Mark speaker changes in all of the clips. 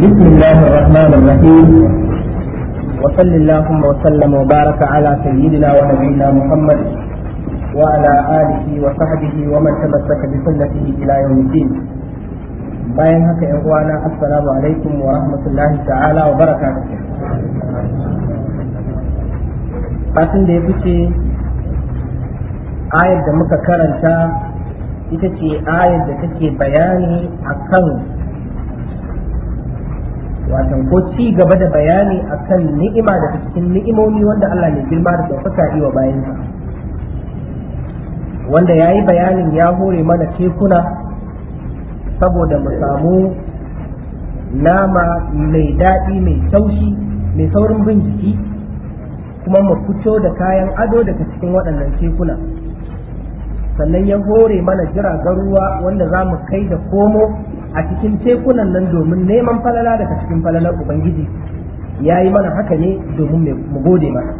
Speaker 1: بسم الله
Speaker 2: الرحمن الرحيم وصل اللهم وسلم وبارك على سيدنا ونبينا محمد وعلى وصحبه ومن تمسك بسنته يوم الدين bayan haka ‘yan uwana assalamu alaikum wa rahmatullahi ta'ala wa baraka fatin da ya fice ayar da muka karanta ita ce ayar da take bayani akan watan ko ci gaba da bayani akan ni'ima da cikin ni'imomi wanda Allah ne girma da ɗaukaka yi wa bayansa wanda ya yi bayanin ya hore mana tekuna saboda mu samu nama mai daɗi mai taushi mai saurin binciki, kuma mu fito da kayan ado daga cikin waɗannan tekuna sannan ya hore mana jiragen ruwa wanda za mu kai da komo a cikin tekunan nan domin neman falala daga cikin falalar ubangiji ya yi mana haka ne domin mu gode masa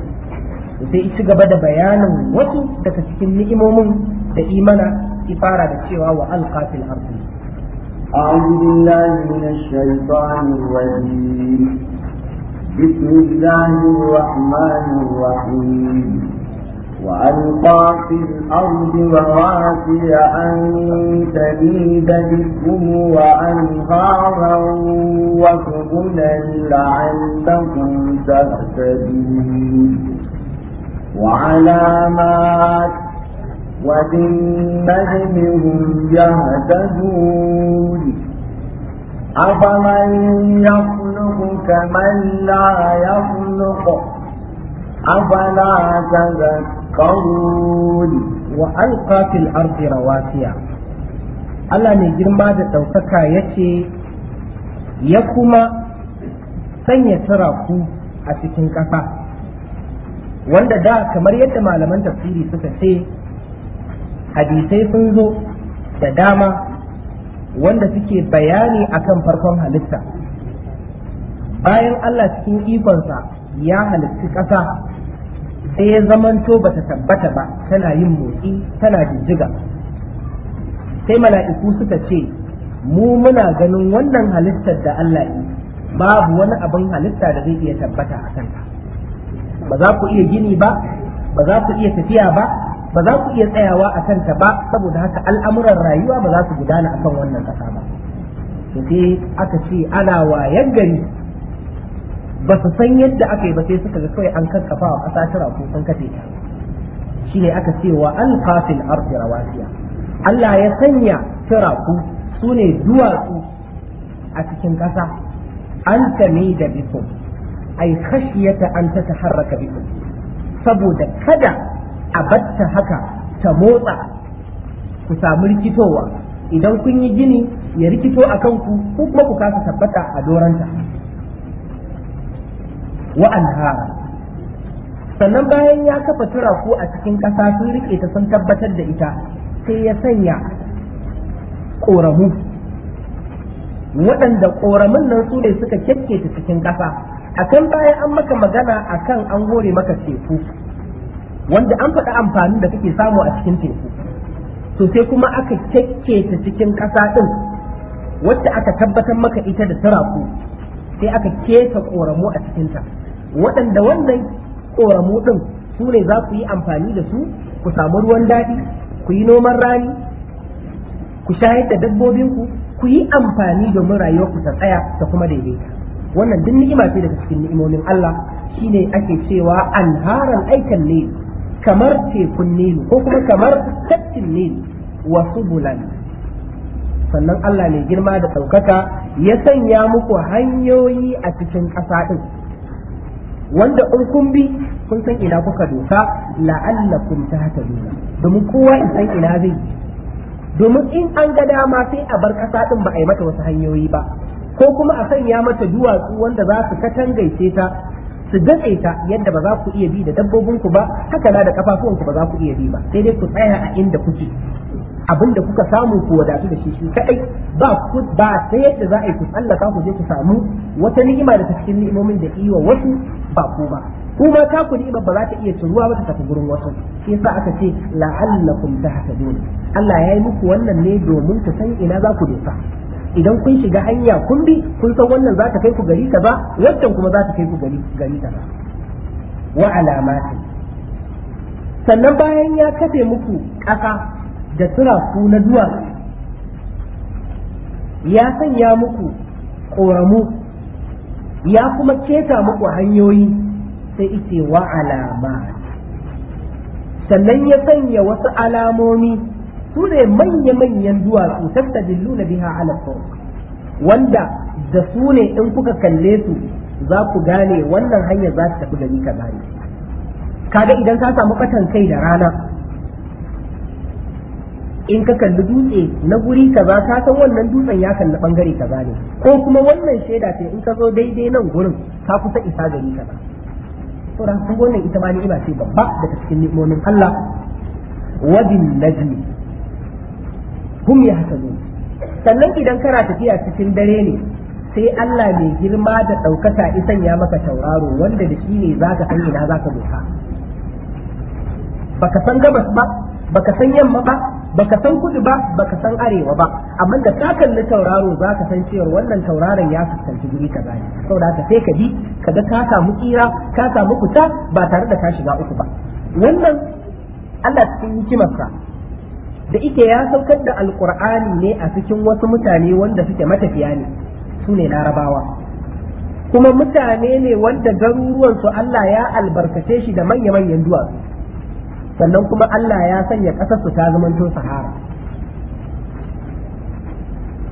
Speaker 2: sai ci gaba da bayanin wasu daga cikin ni'imomin da imana ifara da cewa wa alqatil ardi
Speaker 3: أعوذ بالله من الشيطان الرجيم بسم الله الرحمن الرحيم وألقى في الأرض رواسي أن تميد بكم وأنهارا وسبلا لعلكم تهتدون وعلامات وبالنجم هم يهتدون أفمن يخلق كمن لا يخلق أفلا تذكرون يتفكرون
Speaker 2: وألقى في الأرض رواسيا Allah mai girma da ɗaukaka ya ce, Ya kuma sanya turaku a cikin ƙasa, wanda da kamar yadda malaman tafsiri suka ce, hadisai sun zo da dama wanda suke bayani akan farkon halitta. Bayan Allah cikin ikonsa ya halitti ƙasa sai ya zamanto ba ta tabbata ba tana yin motsi tana jijjiga sai mala'iku suka ce mu muna ganin wannan halittar da Allah yi babu wani abin halitta da zai iya tabbata a kanta ba za ku iya gini ba ba za ku iya tafiya ba ba za ku iya tsayawa a kanta ba saboda haka al'amuran rayuwa ba za su gudana akan wannan kasa ba sai aka ce ana wayan gari ba su san yadda aka yi ba sai suka ga kawai an karkafa a ƙasa tara ko sun kace ta ne aka ce wa alqafil ardi rawasiya Allah ya sanya tiraku sune duwatsu a cikin ƙasa an ne da biko, ai khashiyata an tataharraka biko. saboda kada a batta haka ta motsa ku samu rikitowa idan kun yi gini ya rikito a kanku ku kuma ku kasa tabbata a doranta wa anhara sannan bayan ya kafa turaku a cikin ƙasa sun rike ta sun tabbatar da ita sai ya sanya ƙoramu waɗanda ƙoramin nan su ne suka kyakke ta cikin ƙasa akan bayan an maka magana akan an hore maka teku wanda an faɗa amfani da kake samu a cikin teku to sai kuma aka kyakketa cikin ƙasa ɗin wacce aka tabbatar maka ita da turaku sai aka keta koramu a cikinta waɗanda wannan koramu ɗin su ne za ku yi amfani da su ku samu ruwan daɗi ku yi noman rani ku shayar da dabbobinku ku yi amfani domin rayuwarku ta tsaya ta kuma daidaita wannan duk ni'ima ce daga cikin ni'imomin Allah shine ake cewa anharan aikan ne kamar tekun ne ko kuma kamar tattin ne wasu bulan. sannan Allah mai girma da saukaka ya sanya muku hanyoyi a cikin ƙasa ɗin wanda in kun bi kun san ina kuka doka la'allakum tahtaduna domin kowa in san ina zai domin in an ga dama sai a bar ƙasa ɗin ba a yi mata wasu hanyoyi ba ko kuma a sanya mata duwatsu wanda za su katangaice ta su datse ta yadda ba za ku iya bi da dabbobinku ba haka na da kafafuwanku ba za ku iya bi ba sai dai ku tsaya a inda kuke abin da kuka samu ku wadatu da shi shi kadai ba ku ba sai yadda za a yi ku tsallaka ku je ku samu wata ni'ima da ta cikin ni'imomin da iya wasu ba ku ba ku ma ta ku ni'ima ba za ta iya turuwa ba ta tafi gurin wasu shi yasa aka ce la'allakum tahtadun Allah ya yi muku wannan ne domin ku san ina za ku dosa idan kun shiga hanya kun bi kun san wannan za ta kai ku gari kaza wannan kuma za ta kai ku gari gari kaza wa alamatin sannan bayan ya kafe muku ƙasa da turaku na duwatsu ya sanya muku ƙoramu ya kuma keta muku hanyoyi sai ita wa alama sannan ya sanya wasu alamomi su ne manya-manyan duwatsu tattadillu na biha ala wanda da su ne in kuka kalle su za ku gane wannan hanyar za su tafi gari ka gane kaga idan ka samu batan kai da rana in ka kalli dutse na guri kaza ka san wannan dutsen ya kalli bangare kaza ne ko kuma wannan shaida ce in ka zo daidai nan gurin ka kusa isa gari kaza to ran kun wannan ita ma ba ce babba daga cikin nimomin Allah wadin najmi hum yahsadun sannan idan kana tafiya cikin dare ne sai Allah mai girma da ɗaukaka isan ya maka tauraro wanda da shi ne za ka san ina za ka doka baka san gabas ba baka san yamma ba baka san kudu ba baka san arewa ba amma da ka kalli tauraro za ka san cewa wannan tauraron ya fuskanci guri ka ne saboda ka sai ka bi ga ka samu kira ka samu kuta ba tare da ka shiga uku ba wannan Allah cikin hikimarsa da ike ya saukar da alkur'ani ne a cikin wasu mutane wanda suke matafiya ne su ne larabawa kuma mutane ne wanda garuruwansu Allah ya albarkace shi da manya-manyan duwatsu sannan kuma Allah ya sanya su ta zamanto sahara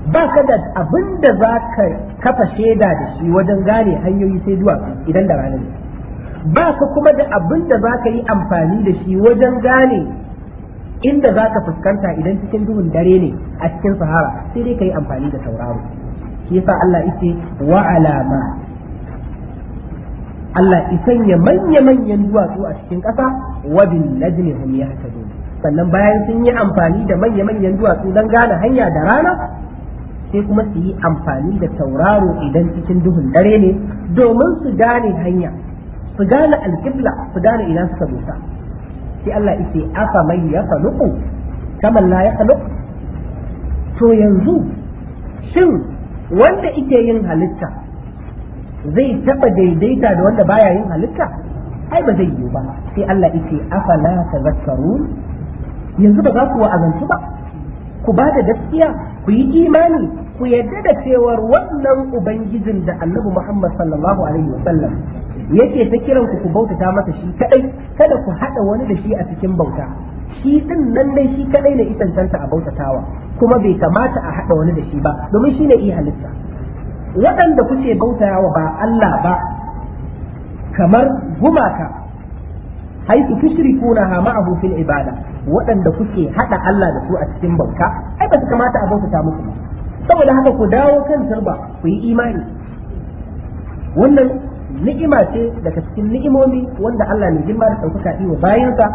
Speaker 2: ba ka da abin da za ka kafa shaida da shi wajen gane hanyoyi sai duwatsu idan da ranar ba ka kuma da abin da za ka yi amfani da shi wajen gane inda za ka fuskanta idan cikin duhun dare ne a cikin sahara sai dai ka yi amfani da sauraro, shi yasa Allah yake wa alama Allah isan ya manya manyan duwatsu a cikin ƙasa wa bil najmi hum yahtadun sannan bayan sun yi amfani da manya manyan duwatsu don gane hanya da rana sai kuma su yi amfani da tauraro idan cikin duhun dare ne domin su gane hanya su gane alƙibla su gane ina suka dosa sai Allah ise afa mai ya faluku kamar la ya faluku to yanzu shin wanda ike yin halitta zai taba daidaita da wanda baya yin halitta ai ba zai yi ba sai Allah yake afala tazakkarun yanzu ba za ku wa'azantu ba ku ba da gaskiya ku yi imani ku yarda da cewar wannan ubangijin da annabi Muhammad sallallahu alaihi wasallam yake ta kiran ku ku bautata masa shi kadai kada ku hada wani da shi a cikin bauta shi din nan dai shi kadai ne isantanta a bautatawa kuma bai kamata a hada wani da shi ba domin shi ne iya halitta waɗanda kuke bautawa ba Allah ba kamar gumaka haitu kuna ha ma'ahu fil ibada waɗanda kuke haɗa Allah da su a cikin bauta ai ba su kamata a bautata musu ba saboda haka ku dawo kan turba ku yi imani wannan ni'ima ce daga cikin ni'imomi wanda Allah ne girma da ɗaukaka iya bayansa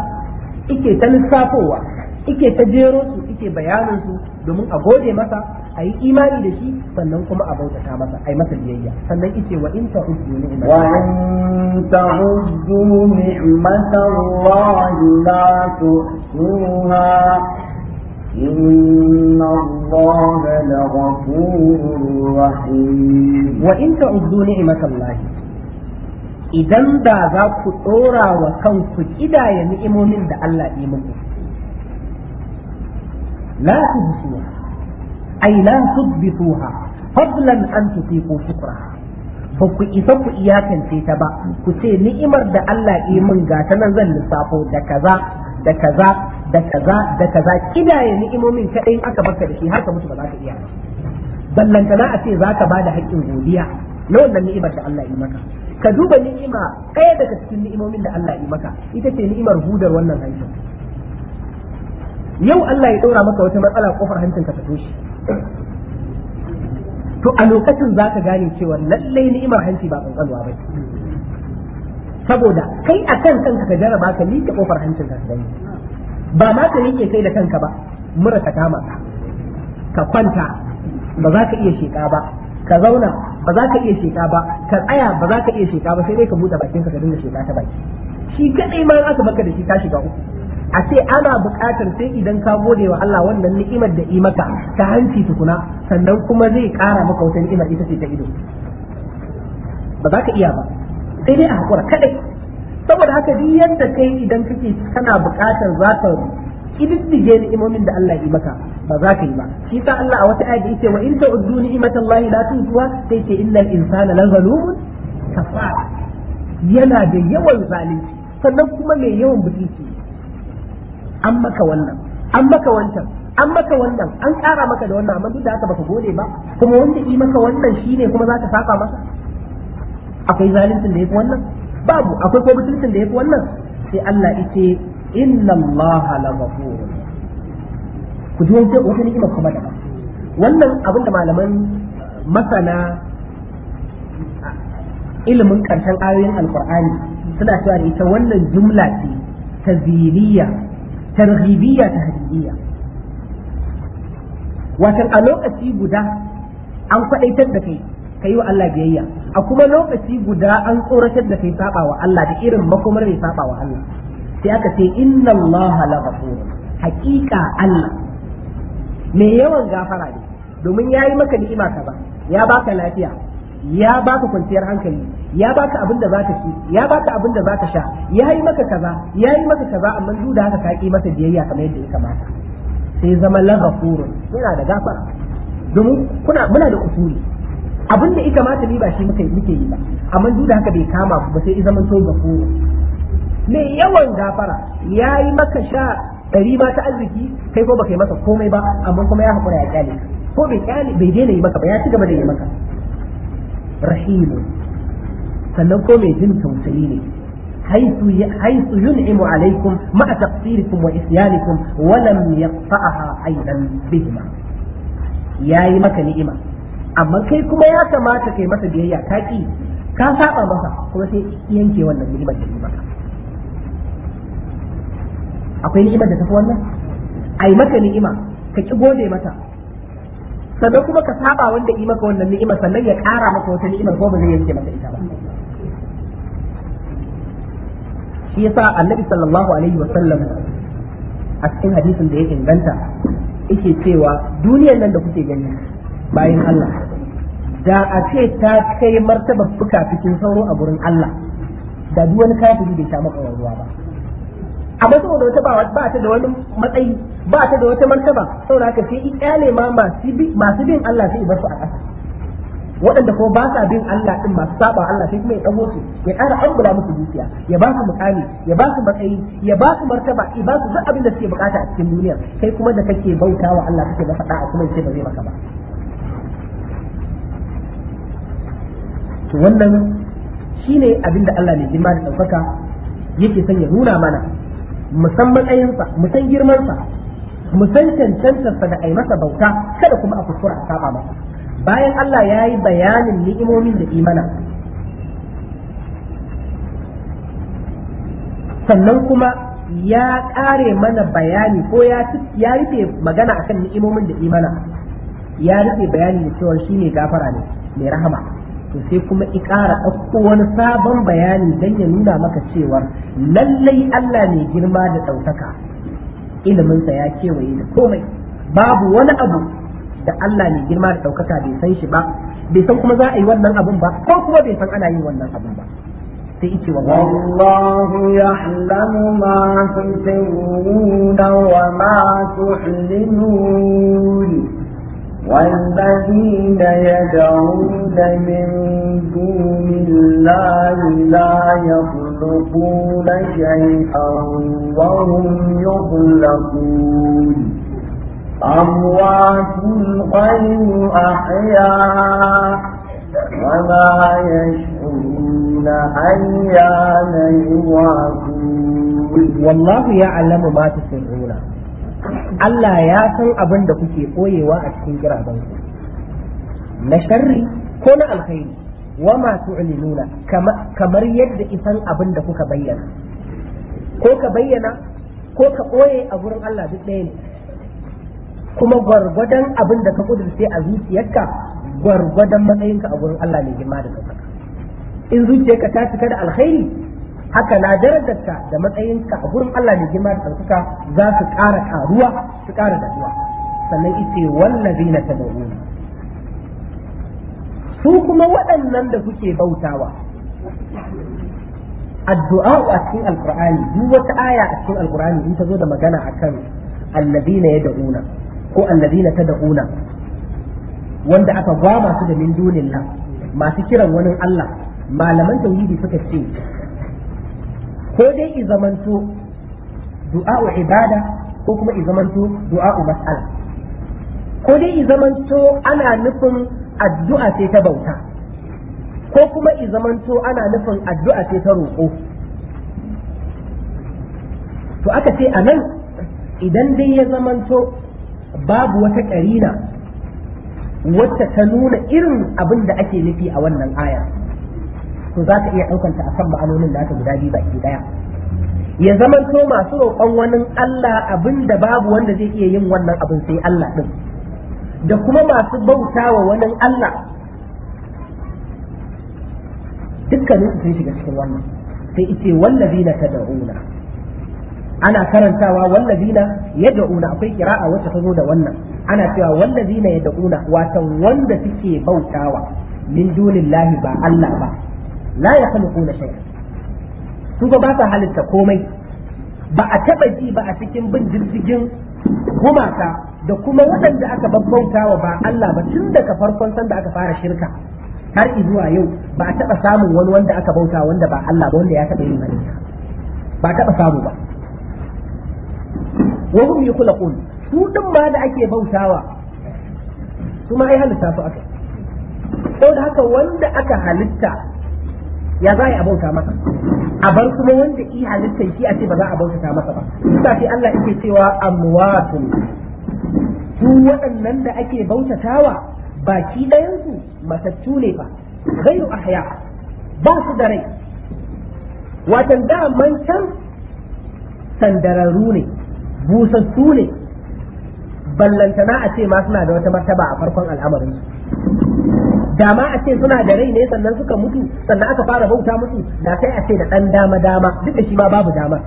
Speaker 2: ike ta lissafowa ike ta jero su ike bayanin su domin a gode masa a yi imani da shi sannan kuma a bautata masa a yi masa biyayya sannan ice wa in ta'uddu ni'matan wa in ta'uddu ni'matan Allahi la tuhsuha
Speaker 3: إن الله لغفور
Speaker 2: رحيم وإن تعدوا نعمة الله idan da za ku ɗora wa kanku ƙidaya ni'imomin da Allah ya muku la su ai la tudbituha fadlan an tutiqu shukraha ba ku isa ku iyakance ta ba ku ce ni'imar da Allah yi min ga nan zan lissafo da kaza da kaza da kaza da kaza kidaye ni'imomin kadai aka baka da shi har ka mutu ba za ka iya ballantana a ce za ka ba da haƙƙin godiya na wannan ni'imar da Allah yi maka ka duba ni'ima ɗaya daga cikin ni'imomin da Allah yi maka ita ce ni'imar hudar wannan hancin yau Allah ya ɗora maka wata matsala kofar hancinka ta toshe to a lokacin za ka gane cewa lallai ni'imar hanci ba kankanwa ba saboda kai a kan kanka ka jarraba ka liƙe kofar hancin ka gani ba ma ka liƙe kai da kanka ba mura ka kama ka ka kwanta ba za ka iya sheƙa ba ka zauna ba za ka iya sheƙa ba ka tsaya ba za ka iya sheƙa ba sai dai ka buɗe bakinka ka dinga sheƙa ta baki shi kadai ma za ka baka da shi ka shiga uku a ce ana buƙatar sai idan ka gode wa Allah wannan ni'imar da yi maka ta hanci tukuna sannan kuma zai ƙara maka wata ni'imar ita ce ta ido ba za ka iya ba sai dai a haƙura kaɗai saboda haka duk yadda kai idan kake kana buƙatar za ka kididdige ni'imomin da Allah yi maka ba za ka yi ba shi sa Allah a wata ayat yace wa in ta'uddu ni'matallahi la tuhsuha sai ce innal insana la zalumun yana da yawan zalunci sannan kuma mai yawan butulci an maka wannan an maka wancan an maka wannan an ƙara maka da wannan amma duk da haka baka gode ba kuma wanda yi maka wannan shine kuma za ka saka masa akwai zalincin da yafi wannan babu akwai ko mutuncin da yafi wannan sai Allah yace inna Allah la ghafur ku ji wata wata ni'ima kuma da wannan abin da malaman masana ilimin karshen ayoyin alqur'ani suna cewa ita wannan jumla ce taziliya ta tahdidiyya watan a lokaci guda an kwadaitar da kai yi wa Allah biyayya a kuma lokaci guda an tsoratar da kai saba wa Allah da irin makomar mai saba wa Allah sai aka ce inna Allah la ghafur haqiqa Allah me yawan gafara ne domin yayi maka ni'ima kaza ba ya baka lafiya ya baka kwanciyar hankali ya baka abin da zaka ci ya baka abin da zaka sha ya yi maka kaza ya yi maka kaza amma duk da haka ka ki masa biyayya kamar yadda ya kamata sai zama ghafurun yana da gafara domin kuna muna da usuli abin da ya kamata ni ba shi muke muke yi ba amma duk da haka bai kama ku ba sai zama to ghafurun mai yawan gafara ya yi maka sha ɗari ba ta arziki kai ko baka yi masa komai ba amma kuma ya haƙura ya kyale ko bai kyale bai daina yi maka ba ya ci gaba da yi maka rahimun sannan ko mai jin tausayi ne haisu yun'imu alaikum ma maka ni'ima amma kai kuma ya kamata kai masa biyayya ka ki ka saba masa kuma sai yanke wannan ni'imar da maka akwai ni'imar da tafi wannan ai maka ni'ima ka ki gode mata sannan kuma ka saba wanda yi maka wannan ni'imar sannan ya kara maka wata ni'imar ko ba zai yanke maka ita ba shi yasa annabi sallallahu alaihi wa sallam a cikin hadisin da ya inganta yake cewa duniyar nan da kuke gani bayan Allah da a ce ta kai martaba fuka cikin sauro a gurin Allah da duk wani kafiri bai sha maka ruwa ba amma saboda wata ba ba ta da wani matsayi ba ta da wata martaba saboda haka sai iyale ma masu bin Allah sai bar su a ƙasa waɗanda ko ba sa bin Allah din masu saba Allah sai kuma ya dago su ya ƙara ambula musu dukiya ya ba su mukami ya ba su matsayi ya ba su martaba ya ba su duk abin da suke bukata a cikin duniya kai kuma da kake bautawa Allah kake faɗa a kuma yace ba zai maka ba wannan shine abin da Allah ne jima da ɗaukaka yake son ya nuna mana mu san matsayinsa mu san girmansa mu san cancantarsa da ai masa bauta kada kuma a kuskura a saba masa bayan Allah ya yi bayanin ni'imomin da imana sannan kuma ya ƙare mana bayani ko ya rufe magana akan ni'imomin da imana ya rufe bayani da cewa shi ne gafara ne mai rahama to sai kuma ikara ɗauko wani sabon bayani don ya nuna maka cewar lallai Allah mai girma da ɗaukaka iliminsa ya kewaye da komai babu wani abu da Allah mai girma da ɗaukaka bai san shi ba bai san kuma za a yi wannan abun ba ko kuma bai san ana yin wannan abun ba sai ike wa
Speaker 3: wallahu halamu ma tusirruna wa ma والذين يدعون من دون الله لا يخلقون شيئا وهم يخلقون أموات غير أحياء وما يشعرون أيان
Speaker 2: يبعثون والله يعلم ما تسرون Allah ya san abin da kuke koyewa a cikin giraben ku na sharri ko na alkhairi wa ma tu'linuna kamar yadda isan abin da kuka bayyana ko ka bayyana ko ka koye a gurin Allah duk ɗaya ne kuma gwargwadon abin da ka kudurce a zuciyarka gwargwadon matsayinka a gurin Allah ne girma da kanka in zuciyarka ta cika da alkhairi haka na darajarka da matsayinka a gurin Allah mai girma da ɗaukaka za su ƙara ƙaruwa su ƙara daɗuwa sannan ice wallazi na su kuma waɗannan da kuke bautawa addu'a a cikin Alƙur'ani, duk wata aya a cikin Alƙur'ani in ta zo da magana akan alladina da'una, ko alladina da'una, wanda aka gwama su da min dunillah masu kiran wani Allah malaman tauhidi suka ce ko dai i zamanto wa ibada ko kuma i zamanto wa mas'ala ko dai i zamanto ana nufin addu'a ce ta bauta ko kuma i zamanto ana nufin addu'a ce ta roƙo to aka ce a nan idan dai ya zamanto babu wata ƙarina wacce ta nuna irin abin da ake nufi a wannan aya. to za ka iya ɗaukanta a kan ma'anonin da aka guda biyu baki ɗaya ya zamanto masu roƙon wani Allah abin da babu wanda zai iya yin wannan abin sai Allah ɗin da kuma masu bautawa wani Allah dukkanin su sun shiga cikin wannan sai ice ta da'una. ana karantawa ya da'una akwai kira'a wacce ta zo da wannan ana cewa ya da'una wato wanda suke bautawa min dunillahi ba Allah ba la ya khalquna shay'a su ba sa halitta komai ba a taba ji ba a cikin bin jirgin gumaka da kuma waɗanda aka babbauta wa ba Allah ba tun daga farkon sanda aka fara shirka har zuwa yau ba a taɓa samun wani wanda aka bauta wanda ba Allah ba wanda ya taɓa yin bane ba taɓa samu ba wa hum yukhlaqun su din ma da ake bautawa su ma ai halitta su aka saboda haka wanda aka halitta ya za a bauta masa a bar kuma wanda i halittar shi a ce ba za a bautata masa ba ita ce Allah yake cewa amwatun su waɗannan da ake bautatawa baki ɗayansu matattu ne fa gairu ahya ba su da rai watan da man can sandararru ne busassu ne ballantana a ce ma suna da wata martaba a farkon al'amarin da ma a ce suna da rai ne sannan suka mutu sannan aka fara bauta musu da sai a ce da ɗan dama dama duk da shi ma babu dama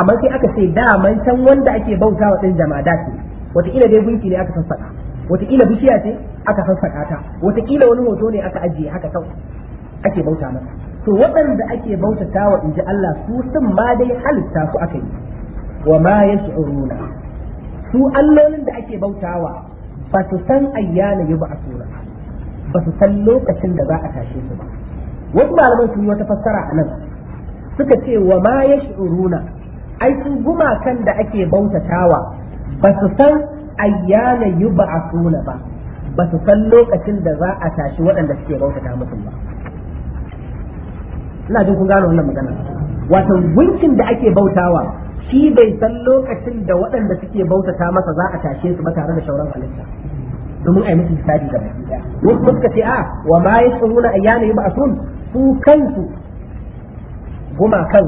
Speaker 2: amma sai aka ce daman can wanda ake bauta wa ɗin jama'a ce wataƙila dai gunki ne aka sassaƙa wataƙila bishiya ce aka sassaƙa ta wataƙila wani hoto ne aka ajiye haka kawai ake bauta masa to waɗanda ake bautata wa inji Allah su sun ma dai halitta su aka yi wa ma yash'uruna su allolin da ake bautawa ba su san ayyana ba a sura ba su san lokacin da za a tashe su ba wasu malaman sun yi wata fassara a nan suka ce wa ma ya shi'uruna ai su gumakan da ake bautatawa ba su san ayyana yi ba a suna ba ba su san lokacin da za a tashi waɗanda suke bautata musu ba ina jin kun gano wannan magana wato gunkin da ake bautawa shi bai san lokacin da waɗanda suke bautata masa za a tashe su ba tare da shauran halitta domin a yi musu hisabi da baki wasu suka ce a ah, wa ma yashuruna ayyana sun su kansu gumakan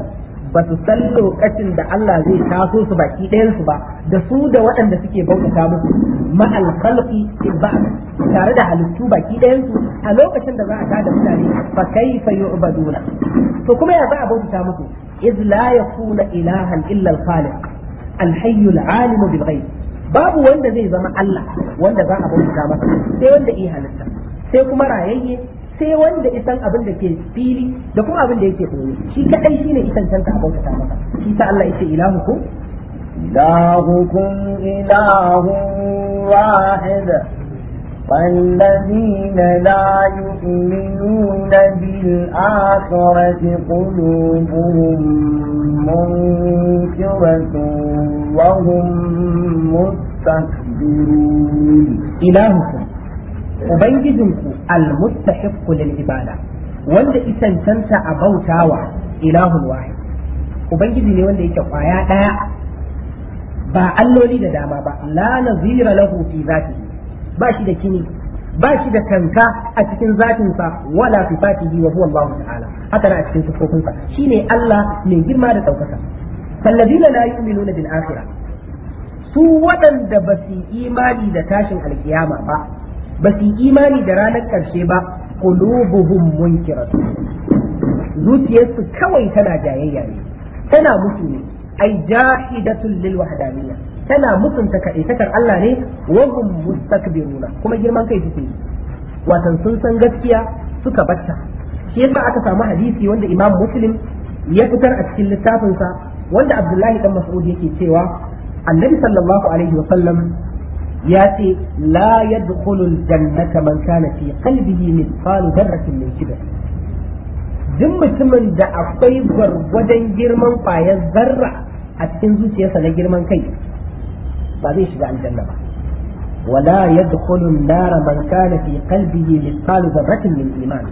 Speaker 2: ba su san lokacin da Allah zai taso su baki ɗayansu ba da su da waɗanda suke bauta musu ma'al khalqi fil tare da halittu baki ɗayansu a lokacin da za a tada mutane fa kaifa yu'baduna to kuma ya za a bauta musu iz la yakuna ilahan illa al khaliq al hayy al alim bil babu wanda zai zama Allah wanda za a bauta masa sai wanda iya halitta sai kuma rayayye sai wanda isan abin da ke fili da kuma abin da yake koyi shi kadai shine isan canta a bauta masa shi ta Allah yace ilahu ilahukum ilahun
Speaker 3: wahid فالذين لا يؤمنون بالآخرة قلوبهم منكرة وهم
Speaker 2: مستكبرون إلهكم Ubangijinku almustahiqqu lil ibada wanda isancanta a bautawa ilahul wahid Ubangiji ne wanda yake kwaya daya ba alloli da dama ba la nazira lahu fi zatihi ba shi da kini ba shi da kanka a cikin zatinsa wala sifatihi wa huwa Allah ta'ala haka a cikin sifofinsa shine Allah mai girma da daukaka fallazina la yu'minuna bil akhirah su waɗanda ba su imani da tashin alkiyama ba ba su imani da ranar ƙarshe ba qulubuhum munkiratu zuciyarsu kawai tana jayayya ne tana mutu ne ai jahidatul lil wahdaniyya tana mutunta kaɗaitakar Allah ne wa hum mustakbiruna kuma girman kai suke yi watan sun san gaskiya suka batta shi yasa aka samu hadisi wanda Imam Muslim ya fitar a cikin littafinsa wanda Abdullahi dan Mas'ud yake cewa Annabi sallallahu alaihi wa sallam ya ce la yadkhulu al-jannata man kana fi qalbihi mithqalu dharratin min kibr duk mutumin da akwai gwargwadon girman kwayar zarra a cikin zuciyarsa na girman kai ba zai shiga aljanna ba wala ولا يدخل النار من كان في قلبه مثقال ذرة من إيمان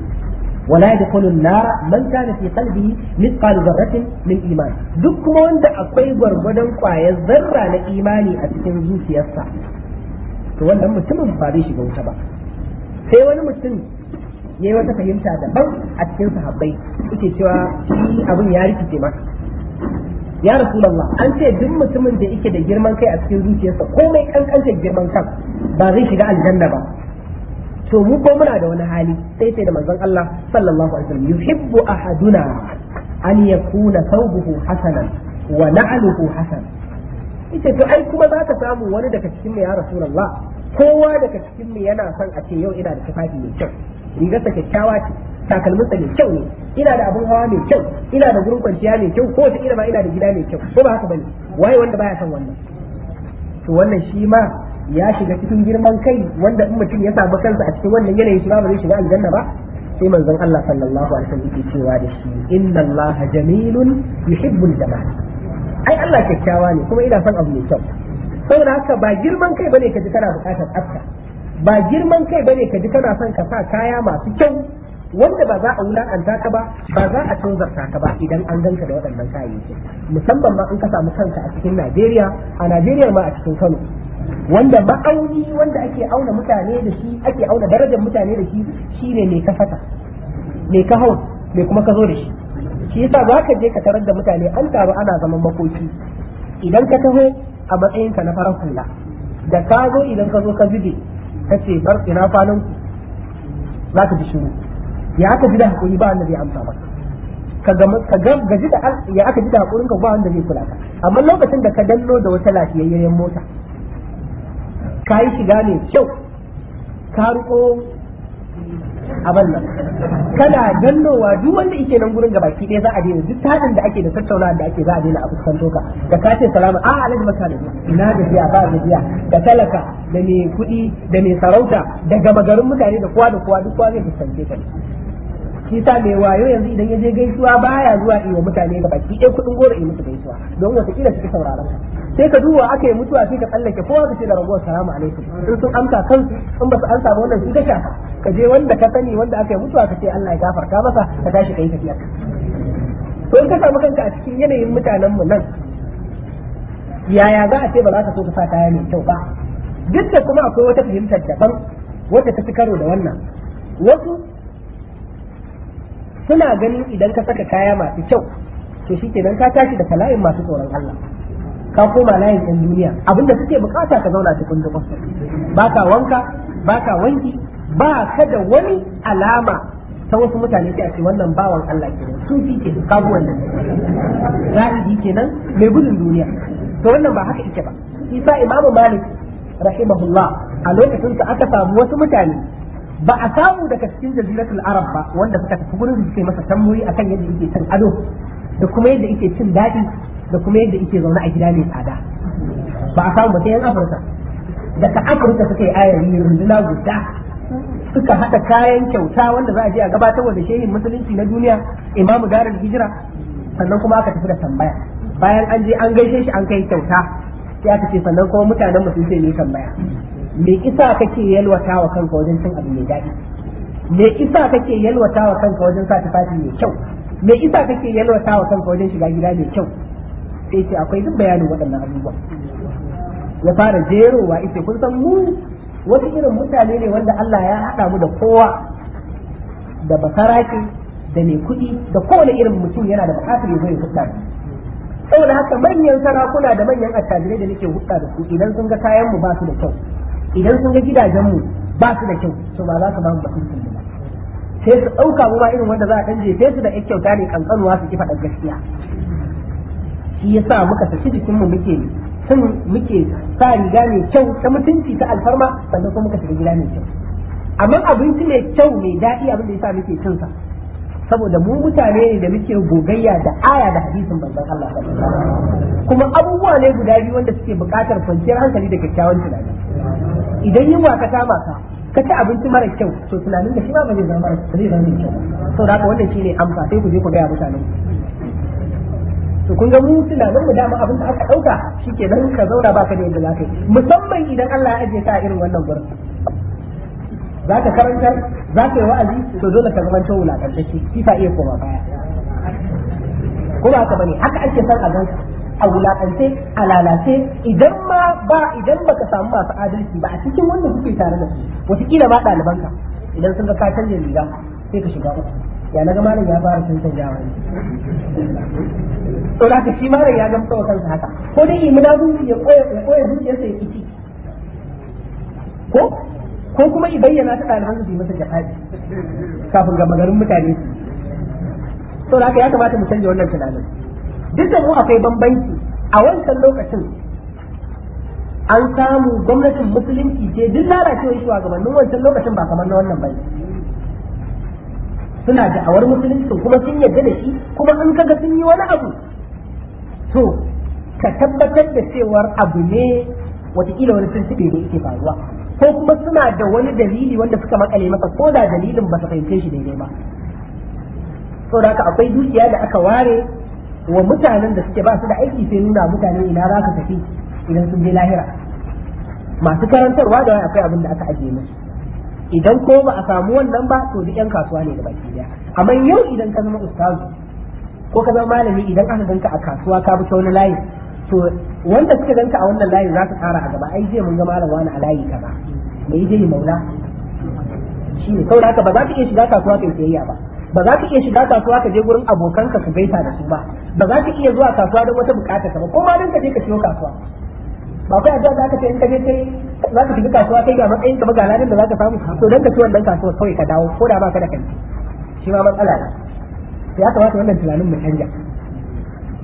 Speaker 2: ولا يدخل النار من كان في قلبه مثقال ذرة min iman duk kuma wanda akwai gwargwadon kwaya zarra na imani a cikin zuciyarsa to wannan mutumin ba zai shiga wuta ba sai wani mutum ya yi wata fahimta daban a cikin sahabbai suke cewa shi abin ya rikice maka ya rasulullah an ce duk mutumin da yake da girman kai a cikin zuciyarsa komai kankanta girman kan ba zai shiga aljanna ba to mu ko muna da wani hali sai sai da manzon Allah sallallahu alaihi wasallam yuhibbu ahaduna an yakuna thawbuhu hasanan wa na'luhu hasan ita to ai kuma za ka samu wani daga cikin mu ya rasulullah kowa daga cikin mu yana son a ce yau ina da tufafi mai kyau ta kyakkyawa ce takalmin sa mai kyau ne ina da abun hawa mai kyau ina da gurin kwanciya mai kyau ko wata ina ma ina da gida mai kyau ko ba haka bane waye wanda baya son wannan to wannan shi ma ya shiga cikin girman kai wanda in mutum ya samu kansa a cikin wannan yanayin shi ba zai shiga aljanna ba sai manzon Allah sallallahu alaihi wasallam yake cewa da shi inna Allah jamilun yuhibbul jamal ai Allah kyakkyawa ne kuma ina son abu mai kyau saboda haka ba girman kai bane ka ji kana bukatar tsafta ba girman kai bane ka ji kana son ka sa kaya masu kyau wanda ba za a wulakanta ka ba ba za a canzarta ka ba idan an ganka da waɗannan kayayyaki musamman ma in ka samu kanka a cikin Najeriya a Najeriya ma a cikin Kano wanda ma'auni wanda ake auna mutane da shi ake auna darajar mutane da shi shine mai ka mai ka mai kuma ka zo da shi shi yasa za ka je ka tarar da mutane an taru ana zaman makoki idan ka taho a matsayinka na farar hula da ka zo idan ka zo ka zube ka ce bar ina kwanan ku za ka ji shiru ya aka ji da hakuri ba wanda zai amsa ba ka da ya aka ji da hakurin ka ba wanda zai kula ka amma lokacin da ka danno da wata lafiyayyen mota ka yi shiga ne kyau ka riko
Speaker 1: abin nan kana
Speaker 2: dannowa duk wanda yake nan gurin gabaki ɗaya za a daina duk tajin da ake da tattaunawa da ake za a daina a fuskanto ka da ka ce salama a alaji makalin da da biya ba da biya da talaka da mai kuɗi da mai sarauta da gama garin mutane da kowa da kowa duk kowa zai fuskante ka shi ta mai wayo yanzu idan ya je gaisuwa baya zuwa iya mutane ga baki ɗaya kuɗin goro iya musu gaisuwa don wata kila suke sauraron ka sai ka duba aka yi mutuwa sai ka tsallake ko aka ce da ragowar salamu alaikum in sun amsa kansu in ba su amsa ba wannan shi ka shafa ka je wanda ka sani wanda aka yi mutuwa ka ce Allah ya gafarta masa ka tashi kai tafiya to in ka samu kanka a cikin yanayin mutanen mu nan yaya za a ce ba za ka so ka sa kaya mai kyau ba duk da kuma akwai wata fahimtar daban wata ta fi karo da wannan wasu suna ganin idan ka saka kaya masu kyau to shi kenan ka tashi da fala'in masu tsoron Allah ka koma layin ɗan duniya abinda suke bukata ka zauna cikin wasu ba ka wanka ba ka wanki ba ka da wani alama ta wasu mutane ke a ce wannan bawan Allah ke sun fi ke kabu wannan zahiri nan mai gudun duniya to wannan ba haka ike ba isa imamu malik rahimahullah a lokacin aka samu wasu mutane ba a samu daga cikin jaziratul arab ba wanda suka tafi gurin suke masa tambayoyi akan yadda yake cin ado da kuma yadda yake cin daɗi da kuma yadda yake zaune a gida mai tsada ba a samu ba sai yan afirka daga afirka suka yi ayar runduna guda suka haɗa kayan kyauta wanda za a je a gabatar da shehin musulunci na duniya imamu darul hijira sannan kuma aka tafi da tambaya bayan an je an gaishe shi an kai kyauta sai aka ce sannan kuma mutanen mutum sai ne tambaya me isa kake yalwata wa kanka wajen cin abu mai daɗi me isa kake yalwata wa kanka wajen sa tufafi mai kyau me isa kake yalwata wa kanka wajen shiga gida mai kyau sai ce akwai duk bayanin waɗannan abubuwa ya fara jerowa ita kun san mu wasu irin mutane ne wanda Allah ya haɗa mu da kowa da basarake da mai kuɗi da kowane irin mutum yana da buƙatar ya zo ya saboda haka manyan sarakuna da manyan attajirai da nake huɗa da su idan sun ga kayan mu ba su da kyau idan sun ga gidajenmu ba su da kyau to ba za su ba mu ba sun ba sai su ɗauka mu irin wanda za a ɗan jefe su da ƴan kyauta ne kankanuwa su ki faɗar gaskiya shi ya sa muka saki jikinmu muke sun muke sa riga mai kyau ta mutunci ta alfarma sannan kuma muka shiga gida mai kyau amma abinci mai kyau mai daɗi abin da ya sa muke cin sa saboda mu mutane ne da muke gogayya da aya da hadisin manzon Allah kuma abubuwa ne guda biyu wanda suke buƙatar kwanciyar hankali da kyakkyawan tunani idan yunwa ka kama ka ka ci abinci mara kyau to tunanin da shi ma ba zai zama mara zai zama kyau to da haka wannan shine amsa sai ku je ku gaya mutane to kun ga mu tunanin mu dama abin da aka dauka shike nan ka zauna ka da yadda zaka yi musamman idan Allah ya ajiye ka a irin wannan gurin
Speaker 3: za ka karanta za ka yi wa'azi to
Speaker 2: dole ka zama cewa wulakantacce shi ka iya koma baya ko ba haka bane haka ake son a ganka a wulakance a lalace idan ma ba idan baka samu masu adalci ba a cikin wanda kuke tare da su wataƙila ba ɗalibanka idan sun ga ka canje riga sai ka shiga uku ya na ga malam ya fara sun canja wani to da shi malam ya gamsa wa kansa haka ko dai yi munafiki ya koya ya koya zuciyarsa ya kici ko ko kuma i bayyana ta ɗaliban su yi masa jihadi kafin ga magarin mutane to da ya kamata mu canja wannan tunanin duk da mu akwai bambanci a wancan lokacin an samu gwamnatin musulunci ce duk lalacewa gabanin wancan lokacin ba kamar na wannan bai. suna da'awar musulunci kuma sun yarda da shi kuma an kaga sun yi wani abu to ka tabbatar da cewar abu ne watakila wani tuntuɓe daidai yake faruwa ko kuma suna da wani dalili wanda suka makale masa ko da dalilin ba su fahimce shi daidai ba saboda haka akwai dukiya da aka ware wa mutanen da suke ba su da aiki sai nuna mutane ina za ka tafi idan sun je lahira masu karantarwa da wani akwai abin da aka ajiye musu idan ko ba a samu wannan ba to duk yan kasuwa ne da baki daya amma yau idan ka zama ustazu ko ka zama malami idan aka ganka a kasuwa ka bi ta wani layi to wanda suka ganka a wannan layi za ka tsara a gaba ai je mun ga malam wani a layi kaza me yaje yi maula shi ne kawai haka ba za ka iya shiga kasuwa kai sayayya ba ba za ka iya shiga kasuwa ka je gurin abokanka ka gaita da su ba ba za ka iya zuwa kasuwa don wata bukata ka ba ko ma don ka je ka siyo kasuwa ba kai addu'a zaka ce in ka je kai za ka shiga kasuwa kai ga matsayin ka magalarin da za ka samu to dan ka ci wannan kasuwa kawai ka dawo ko da ba ka da kanki shi ma matsala ne ya kamata wannan tunanin mu canja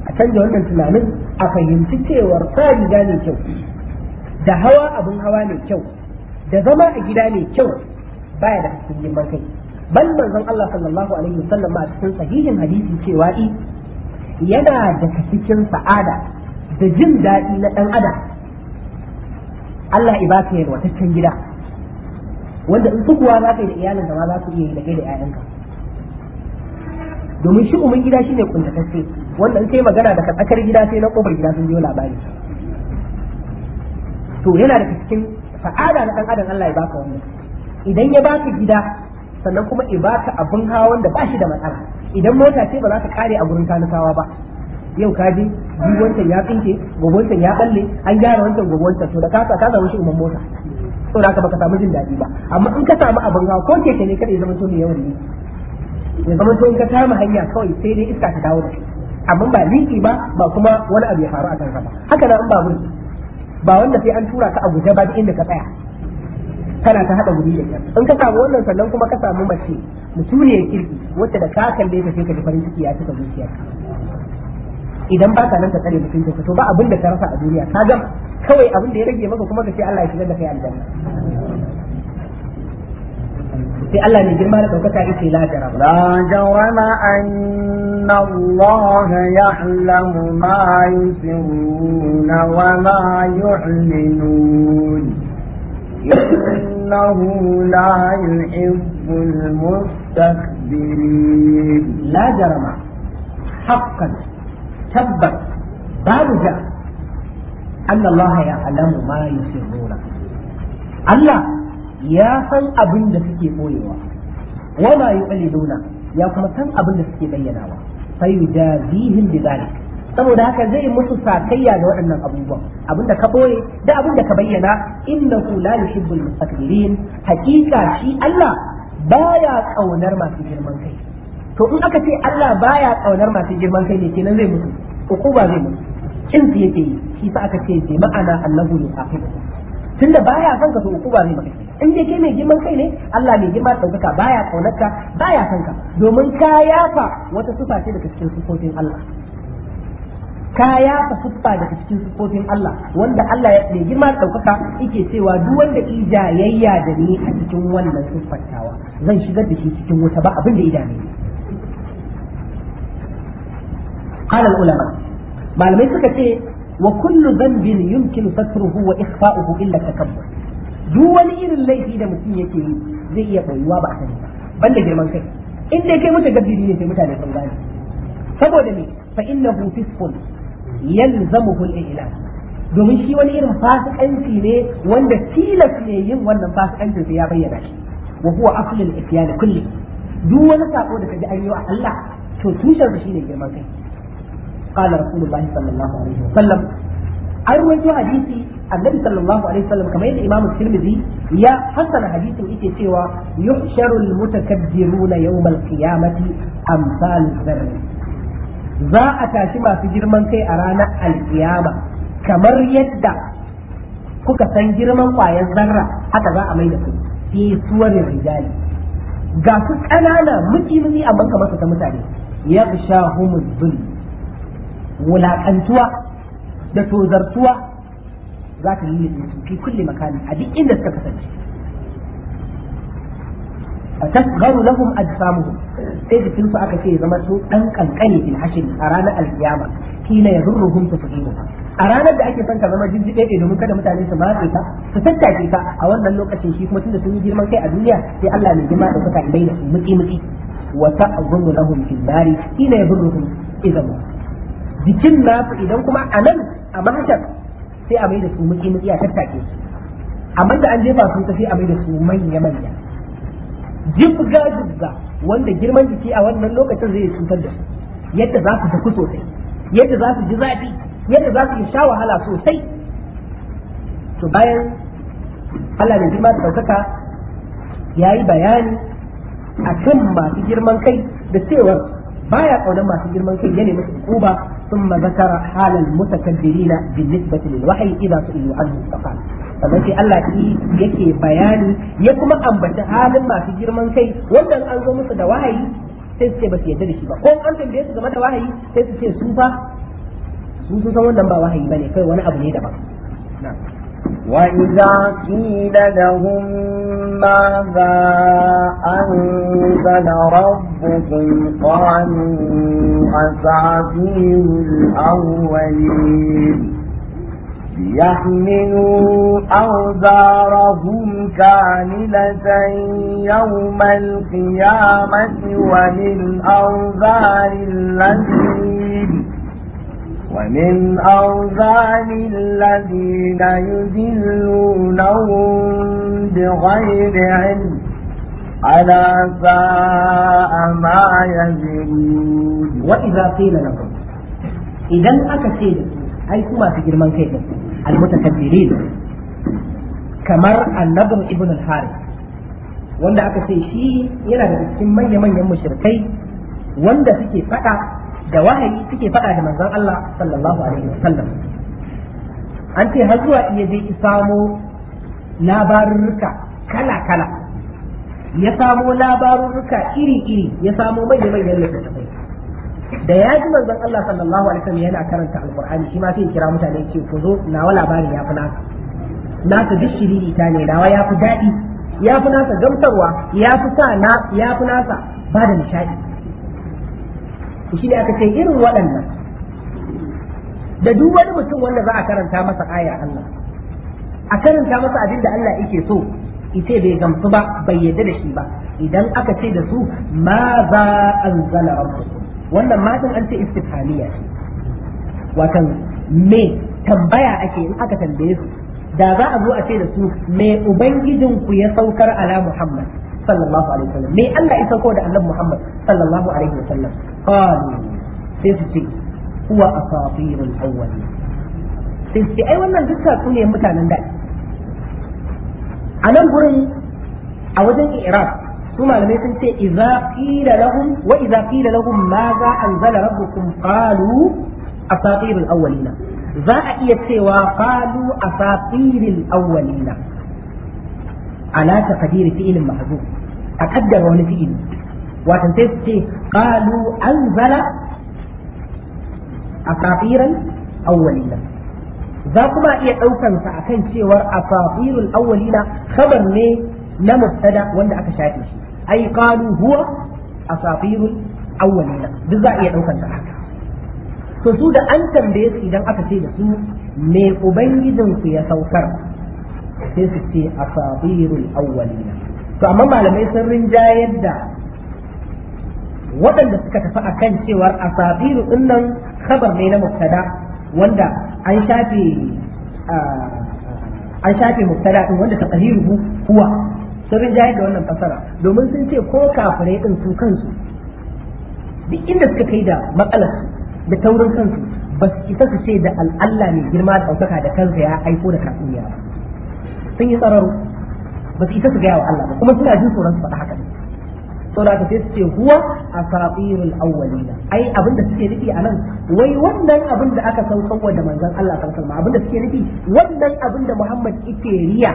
Speaker 2: a canja wannan tunanin a fahimci cewar sa riga ne kyau da hawa abun hawa ne kyau da zama a gida ne kyau baya da cikin girman kai bal manzon Allah sallallahu alaihi wasallam a cikin sahihin hadisi cewa yana da cikin sa'ada da jin daɗi na ɗan adam Allah ya baka yalwataccen gida wanda in kuwa za ka yi da iyalin da ma za ku iya yi da kai da ƴaƴanka domin shi umin gida shine kuntatacce wanda in kai magana daga tsakar gida sai na kofar gida sun biyo labari to yana da cikin sa'ada na dan adam Allah ya baka wannan idan ya baka gida sannan kuma ya baka abin hawa wanda ba shi da matsala idan mota ce ba za ta kare a gurin kanukawa ba yau ka je bi wancan ya tsinke gobe wancan ya balle an gyara wancan gobe wancan to da kasa ka samu shi umar mota to da ka baka samu jin daɗi ba amma in ka samu abin hawa ko keke ne kada ya zama to ne yawan ne ya zama to in ka kama hanya kawai sai dai iska ta dawo da shi amma ba liki ba ba kuma wani abu ya faru a kansa ba haka nan ba mun ba wanda sai an tura ka a guje ba inda ka tsaya kana ta hada guri da kyar in ka samu wannan sannan kuma ka samu mace mutuniyar kirki wacce da ka kalle ta sai ka ji farin ciki ya cika zuciyarka idan ba ka nan ka tsare mutuncin ka to ba abin da ka rasa a duniya ka ga kawai abin da ya rage maka kuma ka ce Allah ya shigar da kai aljanna
Speaker 3: sai Allah ne girma da daukaka yake la jarama la jawama anna Allah ya'lamu ma yusiruna wa ma yu'linun إنه لا يحب المستكبرين لا جرم حقا
Speaker 2: tabbas babu da anna Allah ya alamu ma yusirruna Allah ya san abin da suke boyewa wa yuqliduna ya kuma san abin da suke bayyanawa sai yujazihim bi saboda haka zai musu sakayya da waɗannan abubuwan abinda ka boye da abinda ka bayyana innahu la yuhibbul mustakbirin hakika shi Allah baya kaunar masu girman kai to in aka ce Allah baya kaunar masu girman kai ne kenan zai mutu hukuma zai mutu kin su yake yi shi sa aka ce ce ma'ana annahu yusafiru tunda baya son ka to hukuma zai maka in dai kai mai girman kai ne Allah mai girma daukaka baya kaunar ka baya son ka domin ka yafa wata sufa ce daga cikin sufofin Allah ka yafa siffa daga cikin sufofin Allah wanda Allah mai girma ɗaukaka yake cewa duk wanda jayayya da ni a cikin wannan siffar zan shigar da shi cikin wuta ba abin da idane قال ulama malamai suka ce wa kullu dhanbin yumkinu satruhu wa ikhfa'uhu illa takabbur duk wani irin laifi da mutum yake yi zai iya boyuwa ba a sani banda girman kai in dai kai mutum gabbiri ne sai mutane sun gane saboda me fa innahu fisqun yalzamuhu al-i'lan domin shi wani irin fasikanci ne wanda tilas ne yin wannan fasikancin sai ya bayyana shi wa huwa aslul ifyan kulli duk wani sako da kaji an yi wa Allah to tushen shi ne girman kai qala rasulullahi sallallahu an rawaito hadisi annabi sallallahu alaihi wasallam kamar yadda imamu tirmidhi ya hasana hadisin yake cewa yuhsharu almutakabbiruna yawm alqiyamati amsal zarri za a tashi masu girman kai a ranar alkiyama kamar yadda kuka san girman kwayar zarra haka za a mai da su fi suwarin rijali ga su ƙanana muki muki amma kamar ta mutane ya fi sha humus wulakantuwa da tozartuwa za ta lulluɓe su kulle makani a duk inda suka kasance a tasgaru lahum ajsamuhum sai jikin su aka ce zama su dan kankane fil hashim a ranar alkiyama kila yadurruhum tasghiru a ranar da ake son ka zama jinjiɗe ɗaya domin kada mutane su matse ka su tattake ka a wannan lokacin shi kuma tunda sun yi girman kai a duniya sai Allah mai girma da suka daina su mutsi mutsi wa ta'zumu lahum fil nari kila yadurruhum idan jikin nasu idan kuma a nan a mahajar sai a mai da su muke mutiya tattake su amma da an jefa su ta sai a mai da su manya manya jibga jibga wanda girman jiki a wannan lokacin zai cutar da su yadda za su tafi sosai yadda za su ji zafi yadda za su sha wahala sosai to bayan Allah ne girma da ɗaukaka ya yi bayani a kan masu girman kai da cewar baya kaunar masu girman kai ya nemi su kuba thumma zakara halal mutakabbirina bin nisbati lil wahyi idza su'ilu anhu faqal sannan sai Allah ki yake bayani ya kuma ambaci halin masu girman kai wannan an zo musu da wahayi sai su ce ba su yarda da shi ba ko an tambaye su game da wahayi sai su ce su fa su sun san wannan ba wahayi bane kai wani abu ne daban na'am
Speaker 3: وإذا قيل لهم ماذا أنزل ربكم قالوا أساطير الأولين ليحملوا أوزارهم كاملة يوم القيامة ومن أوزار الذين ومن أوزان الذين يذلونهم بغير علم ألا
Speaker 2: ساء ما يزلون وإذا قيل لكم إذا أكسيد أي كما في جرمان كيف المتكبرين كمر النضر ابن الحارث wanda aka ce shi yana da cikin manya-manyan mushrikai wanda suke faɗa da wahayi suke faɗa da manzon Allah sallallahu alaihi wasallam an ce har zuwa iya zai ki samo labarurruka kala kala ya samo labarurruka iri iri ya samo manya manyan littattafai da ya ji manzon Allah sallallahu alaihi wasallam yana karanta alqur'ani shi ma sai kira mutane ce ku zo nawa labarin ya fi naka naka bishiri ita ta ne nawa ya fi daɗi ya fi nasa gamsarwa ya fi sa na ya fi nasa ba da nishaɗi to shi ne aka ce irin waɗannan da duk wani mutum wanda za a karanta masa aya Allah a karanta masa abin da Allah yake so ita bai gamsu ba bai yadda da shi ba idan aka ce da su ma za anzala rabbukum wannan matan an ce istifhamiya ce watan me tambaya ake in aka tambaye su da za a zo a ce da su me ubangijin ku ya saukar ala Muhammad sallallahu alaihi wasallam me Allah ya sauko da annabi Muhammad sallallahu alaihi wasallam qalu sai su ce huwa asatirul awwalin sai su ce ai wannan duk tatsuniyar mutanen da a nan gurin a wajen iraq su malamai sun ce idza qila lahum wa idza qila lahum ma za za a iya cewa falu a safirin awwalin ala taqdir fi'l mahdhuf a kaddara wani fi'ili watan sai su ce qalu anzala asafiran awwalina za kuma iya daukan sa akan cewar asafirul awwalina khabar ne na mubtada wanda aka shafe shi ai qalu huwa asafirul awwalina duk za iya daukan sa haka to su da an tambaye su idan aka ce da su me ubangijin ku ya saukar sai su ce asafirul awwalina to amma malamai sun rinjayar da waɗanda suka tafi a kan cewar a asabiru din nan khabar ne na mubtada wanda an shafe an shafe mubtada din wanda taqdiruhu huwa sun jayar da wannan fasara domin sun ce ko kafirai ɗin su kansu duk inda suka kai da matsalar da taurin kansu ba su isa su ce da al'alla ne girma da ɗaukaka da kansa ya aiko da kasuwa sun yi tsararo ba su isa su gaya wa Allah ba kuma suna jin tsoron su faɗa haka saboda ta sai ce huwa awali awwalina ai abin da suke nufi nan, wai wannan abin da aka saukarwa da manzon Allah sallallahu alaihi abin da suke nufi wannan abin da Muhammad yake riya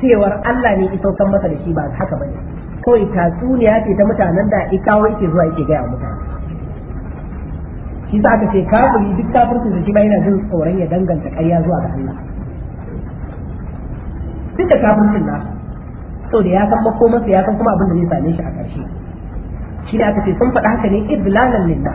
Speaker 2: cewar Allah ne ya saukan masa da shi ba haka bane kawai tatsuniya ce ta mutanen da ikawo yake zuwa yake gaya mutane shi sa aka ce kafiri duk kafircin da shi ba yana jin tsoron ya danganta ƙarya zuwa ga Allah duk da kafircin nasa saboda ya san makomansa ya san kuma abin da zai same shi a ƙarshe shi da aka ce sun faɗa haka ne idlalan linna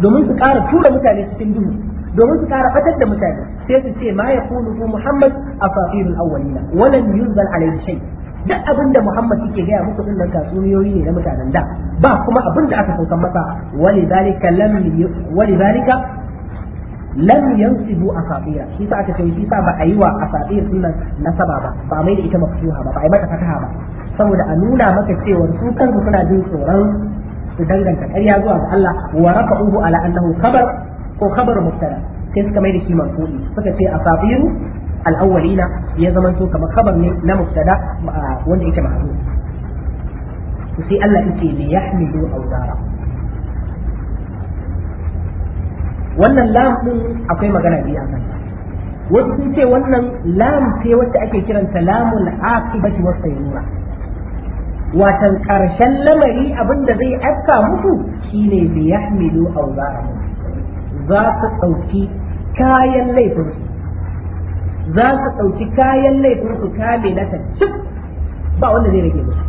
Speaker 2: domin su ƙara tura mutane cikin duhu domin su ƙara batar da mutane sai su ce ma ya kunu muhammad a fafirul awwalina wannan yuzal alaihi shay duk abin da Muhammad yake gaya muku din nan tatsuniyoyi ne na mutanen da ba kuma abin da aka saukan masa wali zalika lam zalika lam yansibu asabiya shi sa aka ce shi sa ba a yi wa asabiya sunan nasaba ba ba mai da ita mafsuha ba ba a yi mata fataha ba saboda a nuna maka cewa su suna jin tsoron su danganta ƙarya zuwa ga Allah wa rafa'uhu ala annahu khabar ko khabar mubtada sai suka mai da shi mansubi suka ce asabiru al-awwalina ya zamanto kamar khabar ne na mubtada wanda yake mahzuf sai Allah yake li yahmilu awzara wannan lam din akwai magana biyu a kanta wasu sun ce wannan lam sai wacce ake kiranta lamun aqibati wa sayyura watan karshen lamari abin da zai afka musu shine bi yahmilu awzarahum za su dauki kayan laifin su za su dauki kayan laifin su kamilata cik ba wanda zai rage musu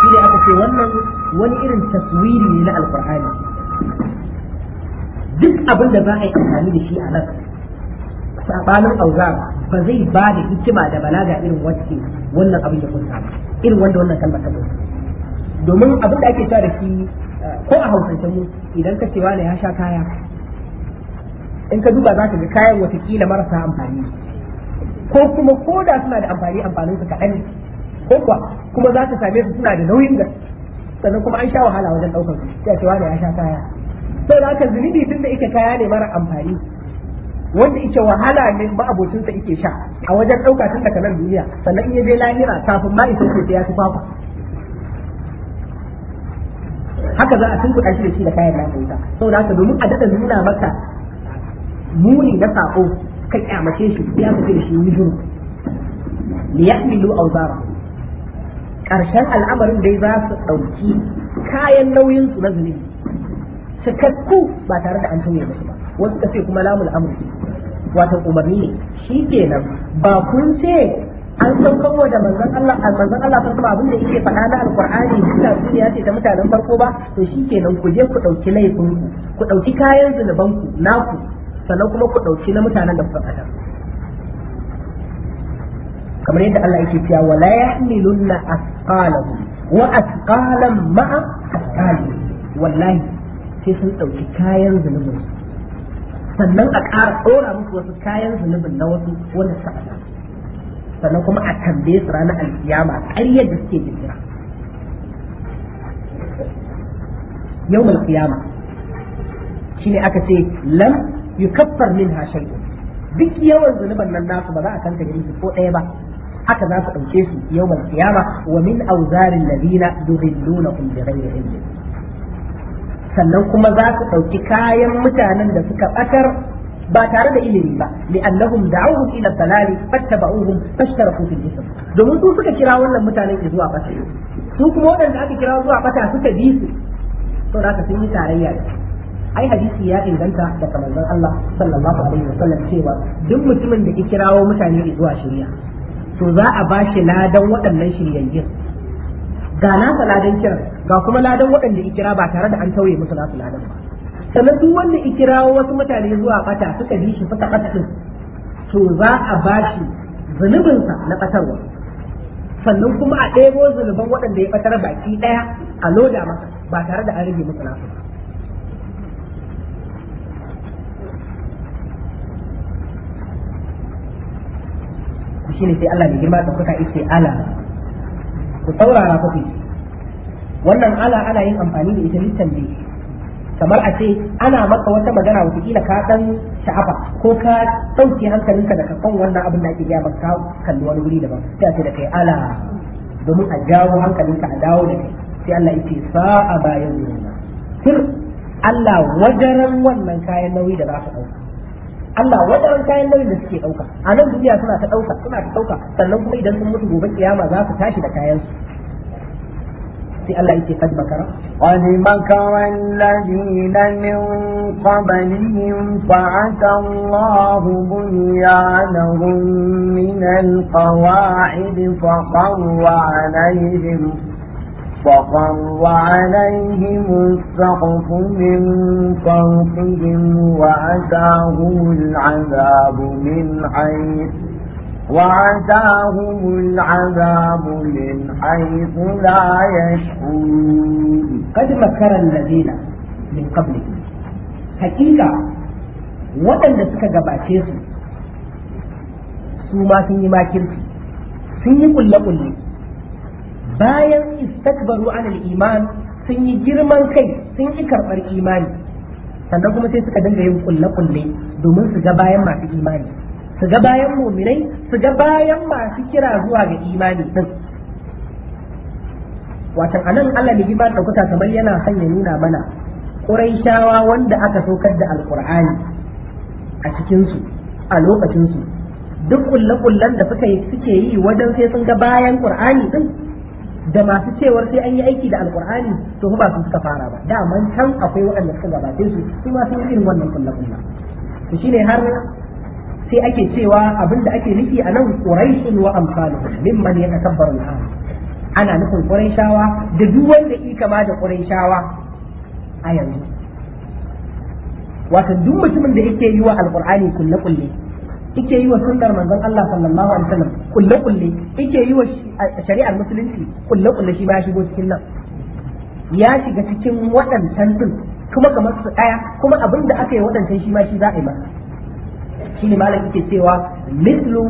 Speaker 2: shi ne aka ce wannan wani irin taswiri ne na alqur'ani duk abin da za a yi amfani da shi a nan sabanin auzar ba zai ba da hikima da balaga irin wacce wannan abin da kunsa ba irin wanda wannan kalmar ta kunsa domin abin da ake sha da shi ko a hausance mu idan ka cewa ne ya sha kaya in ka duba za ka ga kayan watakila marasa amfani ko kuma ko da suna da amfani amfanin su kaɗan ko kuwa kuma za ka same su suna da nauyin gaske sannan kuma an sha wahala wajen ɗaukar su ya cewa ne ya sha kaya sau da haka zunubi tun da yake kaya ne mara amfani wanda yake wahala ne ba abocinsa yake sha a wajen ɗauka tun daga nan duniya sannan in ya je lahira kafin ma isa ce ya fi fafa haka za a tunkuɗa shi da shi da kayan nan wuta sau da haka domin a daɗa nuna maka muni na saƙo ka kyamace shi ya fi da shi mijin. zuru auzara ƙarshen al'amarin dai za su ɗauki kayan nauyinsu na zunubi cikakku ba tare da an tunye musu ba wasu ka ce kuma lamul amri wato umarni ne shi kenan ba kun ce an saukarwa da manzon Allah a manzon Allah sun kuma abin da yake faɗa na alkur'ani suna duniya ce ta mutanen farko ba to shi ku je ku ɗauki laifin ku ku ɗauki kayan na ku naku sannan kuma ku ɗauki na mutanen da kuka faɗa kamar yadda Allah yake cewa wala yahmilunna asqalahum wa asqalan ma'a asqalihim wallahi sai sun ɗauki kayan zunubin su sannan a ƙara ɗora musu wasu kayan zunubin na wasu wanda sannan kuma a tambaye su ranar alkiyama ƙaryar da suke jirgin yau aka ce lam kaffar min ha duk yawan zunuban nan nasu ba za a kanta gani su ko ɗaya ba haka za su ɗauke su yau kiyama wa min auzarin ladina yudhillunahum bi ghairi ilmin sannan kuma za su ɗauki kayan mutanen da suka ɓatar ba tare da ilimi ba li'annahum da'awhum ila dalali fattaba'uhum fashtaraku fil ism domin su suka kira wannan mutanen ke zuwa bata su kuma waɗanda aka kira zuwa bata suka bi su to da sun yi tarayya da ai hadisi ya inganta daga manzon Allah sallallahu alaihi wasallam cewa duk mutumin da ya kirawo mutane zuwa shari'a to za a bashi ladan waɗannan shiryayyen ga nasa ladan kiran ga kuma ladan waɗanda ikira ba tare da an tauye musu nasu ladan ba sannan duk wanda ikirawo wasu mutane zuwa bata suka bi shi suka bata din to za a bashi sa na batarwa sannan kuma a ɗebo zunuban waɗanda ya batar baki ɗaya a loda masa ba tare da an rage musu nasu ba shine sai Allah ne girma da kuka yake ala ku saurara fi wannan ala ana yin amfani da ita littan kamar a ce ana maka wata magana wata kila ka dan sha'afa ko ka ɗauke hankalinka daga kan wannan abin da ake gaya maka ka kalli wani wuri daban sai a ce da kai ala domin a jawo hankalinka a dawo da kai sai Allah yake ce sa'a bayan zuwa sir Allah wajaran wannan kayan nauyi da za ka ɗauka Allah wadannan kayan nauyin da suke ɗauka, a nan duniya suna ta dauka suna ta dauka sannan kuma idan sun mutu gobe kiyama za su tashi da kayan su sai Allah yake kad makara qad
Speaker 3: makara alladhina min qablihim fa ata Allahu bunyanahum min alqawaid fa qawwa alayhim فخر عليهم السقف من فوقهم وأتاهم العذاب من حيث وعتاهم العذاب من حيث لا
Speaker 2: يشعرون قد مكر الذين من قبلهم حقيقة waɗanda suka gabace su su ma sun yi makirci sun yi kulle-kulle bayan istakbaru an al-iman sun yi girman kai sun yi karɓar imani sannan kuma sai suka dinga yin kulle-kulle domin su ga bayan masu imani su ga bayan muminai su ga bayan masu kira zuwa ga imani din watan anan Allah da iman ɗaukaka kamar yana son ya nuna mana ƙuraishawa wanda aka saukar da alƙur'ani a cikinsu a lokacinsu duk kulle-kullen da suka yi suke yi wajen sai sun ga bayan ƙur'ani din da masu cewar sai an yi aiki da alkur'ani to ba su suka fara ba man can akwai waɗanda suka gabace su su ma sun irin wannan kulla kulla to shine har sai ake cewa abin da ake nufi a nan quraishun wa amsaluhum mimman yatakabbaru al ana nufin quraishawa da duk wanda yi kama da quraishawa a yanzu wato duk mutumin da yake yi wa alkur'ani kulle kulle yake yi wa sunnar manzon Allah sallallahu alaihi wasallam kulle kulle yake yi wa shari'ar musulunci kulle kulle shi ba ya shigo cikin nan ya shiga cikin waɗancan din kuma kamar su ɗaya kuma abin da aka yi waɗancan shi ma shi za a yi masa shi ne malam yake cewa mislu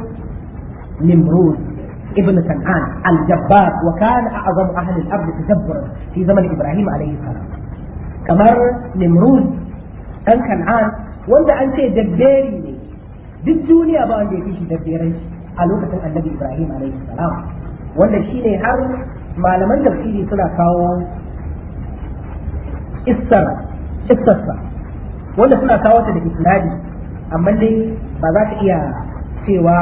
Speaker 2: nimrud ibn kan'an al-jabbar wa kana a'zamu ahli al-ard tadabbur fi zaman ibrahim alayhi salam kamar nimrud dan kan'an wanda an ce dabberi duk duniya ba wanda ya fi shi tafsiranci a lokacin annabi ibrahim alaihi salam wanda shi ne har malaman tafsiri suna kawo istar istarsa wanda suna kawo ta da isnadi amma dai ba za ta iya cewa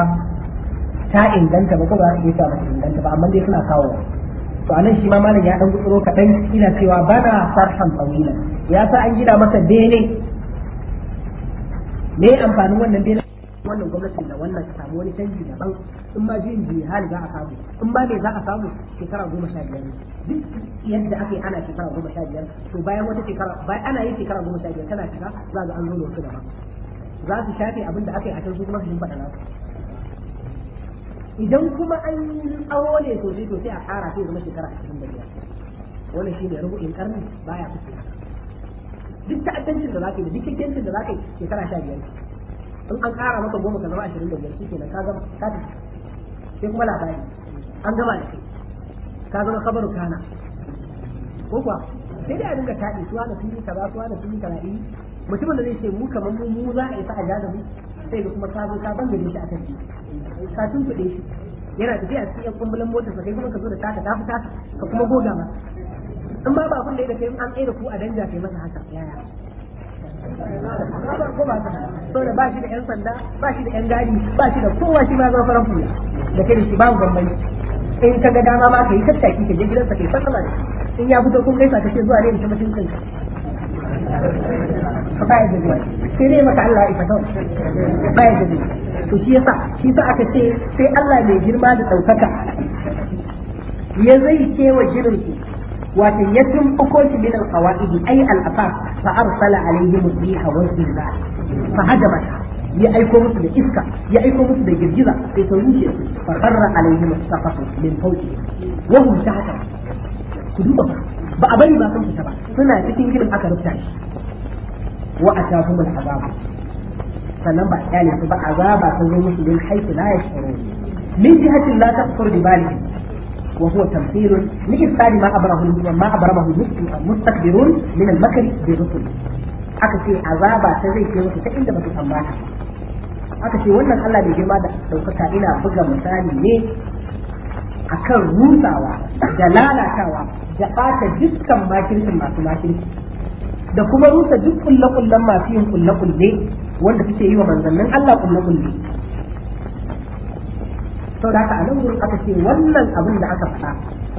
Speaker 2: ta inganta ba ko ba za ta iya cewa inganta ba amma dai suna kawo to anan shi ma malam ya dan gutsuro kadan ina cewa bana sarhan tawila ya sa an gida masa bene me amfanin wannan bene wannan gwamnatin da wannan ta samu wani canji daban in ma jin jihali za a samu in ma me za a samu shekara goma sha biyar duk yadda aka yi ana shekara goma sha biyar to bayan wata shekara bayan ana yi shekara goma sha biyar tana shiga za a an zo da wasu za su shafe abin da aka yi a can su kuma su yi faɗa nasu idan kuma an yi tsawo ne sosai to sai a ƙara sai zama shekara ashirin da biyar wannan shi ne rubu'in karni baya kusa duk ta'addancin da za ka yi da duk da za ka yi shekara sha biyar in an kara maka goma ka zama ashirin da biyar shi kenan ka zama ka ta sai kuma labari an gama da kai ka zama kabaru kana ko kuwa sai dai a dinga taɗi suwa da sun yi kaza suwa da sun yi kaza ɗin eh, mutumin da zai ce mu kamar mu za a yi a ja da mu sai da kuma ka zo ka gari shi a kan ka kuɗe shi yana tafiya a cikin kumbulan motarsa kai kuma ka zo da taka ta fita ka kuma goga ma in ba ba kun da ya da kai an tsaye da ku a danja kai masa haka yaya saboda ba shi da yan sanda ba shi da yan gari ba shi da kowa shi ma zama farar hula da kai da shi babu bambanci in ka ga dama ma ka yi tattaki ka je gidansa kai sallama ne in ya fito kun gaisa ce zuwa ne mutum mutuncin ka ka baya da zuwa sai dai maka Allah ya fata baya da zuwa to shi yasa shi sa aka ce sai Allah mai girma da ɗaukaka. ya zai kewa jirin ki wato ya tumbuko shi min alqawaidi ay alafar fa arsala alaihim riha wa zilla fa hajabat ya aiko musu da iska ya aiko musu da girgiza sai ta rushe fa qarra alaihim saqatu min fawqi wa hum tahta ku duba ba a bari ba sun fita ba suna cikin gidan aka rubuta shi wa atahum al'azab sannan ba kyale su ba azaba ta zo musu din haifu la yashurun min jihatin la taqfur bi balihim وهو تمثيل لإفساد ما أبره ما أبرمه المستكبرون من المكر بالرسل aka ce azaba ta zai ke wasu ta inda ba su tambata aka ce wannan Allah bai girma da ɗaukaka ina buga misali ne akan rusawa da lalatawa da ɓata dukkan makircin masu makirci da kuma rusa duk kulle-kullen masu yin kulle-kulle wanda suke yi wa manzannin Allah kulle-kulle sau da haka a nan wurin aka ce wannan abin da aka faɗa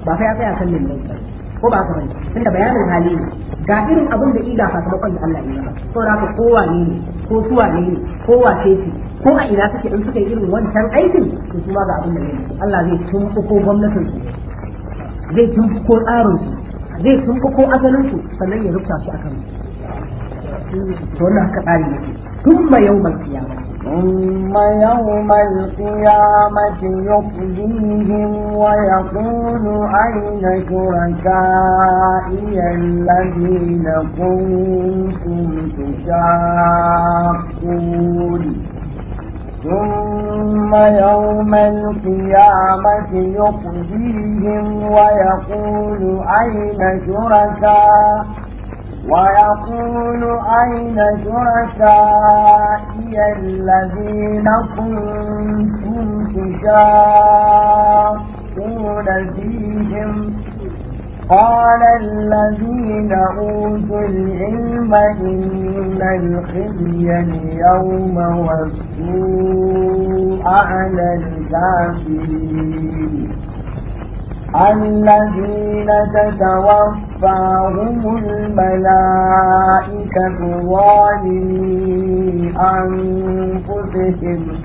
Speaker 2: ba sai ya tsaya kan nan ba ko ba ka bane tunda bayanin hali ne ga irin abin da ida sakamakon da Allah ya yi sau da haka kowa ne ko suwa ne ko wa ce ko a ina suke in suka yi irin wancan aikin to kuma ga abin da ne Allah zai tumɓuko gwamnatin su zai tumɓuko tsarin su zai tumɓuko asalin su sannan ya rubuta su akan su to wannan haka tsari ne ثم يوم القيامة
Speaker 3: ثم يوم القيامة يخزيهم ويقول أين شركائي الذين كنتم تشاقون ثم يوم القيامة يخزيهم ويقول أين شركائي ويقول أين شركائي الذين كنتم تشاقون فيهم قال الذين أوتوا العلم إن الخزي اليوم والسوء على الكافرين الذين تتوفوا توفاهم الملائكة ظالمي أنفسهم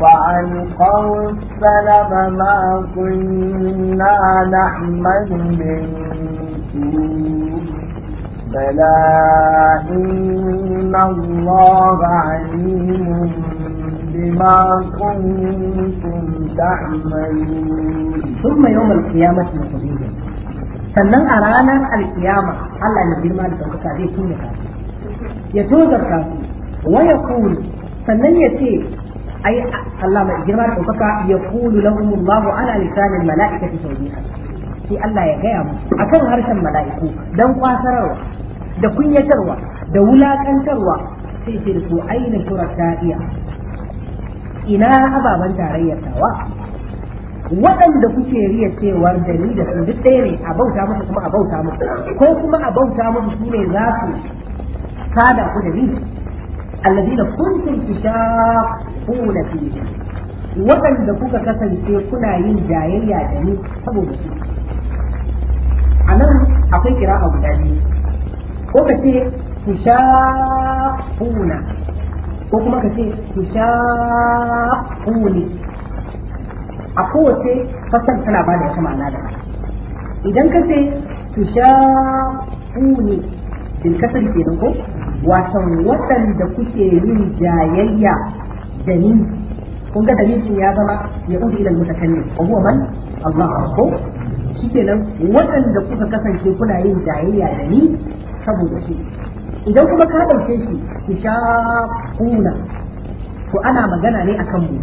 Speaker 3: فألقوا السلم ما كنا نحمل من سوء بلى إن الله عليم بما
Speaker 2: كنتم تعملون ثم يوم القيامة نقضيهم sannan a ranar alkiyama Allah ya girma da ɗaukaka zai ka ya tozar ka waya kulu sannan ya ce ai Allah mai girma da ɗaukaka ya kulu lahum Allahu ala lisanil ta. sai Allah ya gaya mu akan harshen mala'iku dan kwasararwa da kunyatarwa da wulakantarwa sai ce da su aina shuraka iya ina ababen tarayyar tawa waɗanda kuke riya cewar da ni da su duk ɗaya ne a bauta musu kuma a bauta musu ko kuma a bauta musu su ne za su sada ku da ni alladina kuntum tishaquna fihi waɗanda kuka kasance kuna yin jayayya da ni saboda su a nan akwai kira'a guda biyu ko ka ce tishaquna ko kuma ka ce tishaquni a kowace fassar tana ba da wata ma'ana da idan ka ce su sha ne bil kasar kenan ko watan waɗanda kuke yin jayayya da ni kun ga dalilin ya zama ya udu ilal mutakallim wa huwa man Allah ko shikenan waɗanda kuka kasance kuna yin jayayya da ni saboda shi idan kuma ka ɗauke shi su sha kuna to ana magana ne akan mu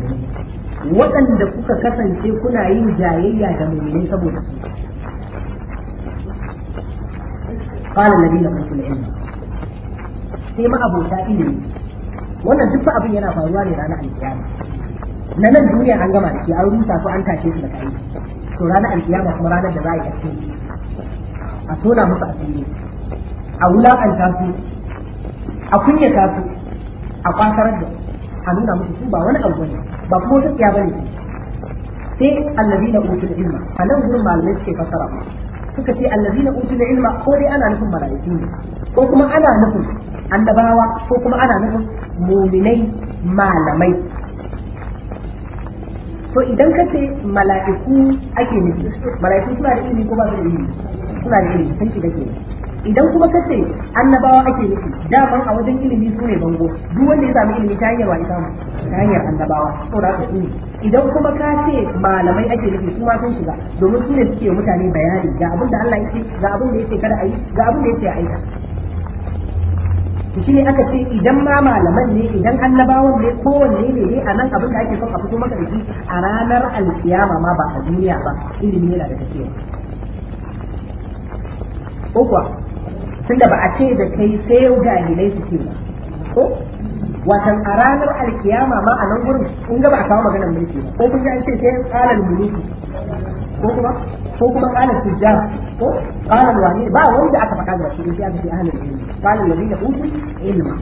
Speaker 2: waɗanda kuka kasance kuna yin jayayya da mummuni saboda su qala alladhina utul ilma sai ma abota ilimi wannan duk abin yana faruwa ne ranar alkiyama na nan duniya an gama da shi an rusa ko an tashe su da kai to ranar alkiyama kuma ranar da za a yi asiri a tona musu asiri a wulakanta su a kunyata su a kwasarar da a nuna musu su ba wani abu ne ba ko gaskiya bane sai allazina utul ilma a nan gurin malamai suke fassara suka ce allazina utul ilma ko dai ana nufin malaiku ne ko kuma ana nufin annabawa ko kuma ana nufin muminai malamai to idan ka ce mala'iku ake nufi mala'iku suna da ilimi ko ba su da ilimi suna da ilimi sun shiga ke idan kuma ka ce annabawa ake nufi ban a wajen ilimi su ne bango duk wanda ya sami ilimi ta hanyar wani samu ta hanyar annabawa ko da haka ne idan kuma ka ce malamai ake nufi su ma sun shiga domin su ne suke mutane bayani ga abin da Allah yake ga abin da yake kada a yi ga abin da yake a aika shi ne aka ce idan ma malaman ne idan annabawan ne kowanne ne ne a nan abin da ake son a fito maka da shi a ranar alkiyama ma ba a duniya ba ilimi yana da tafiya ko kuwa tunda ba a ce da kai sai yau galilai suke ba ko watan a ranar alkiyama ma a nan gurin in ga ba a kawo maganar mulki ba ko kun ji an ce sai tsarin mulki ko kuma ko kuma kalan tijja ko kalan wani ba wanda aka faɗa da shi sai aka ce ahlul ilmi kalan wani da hutu ilimi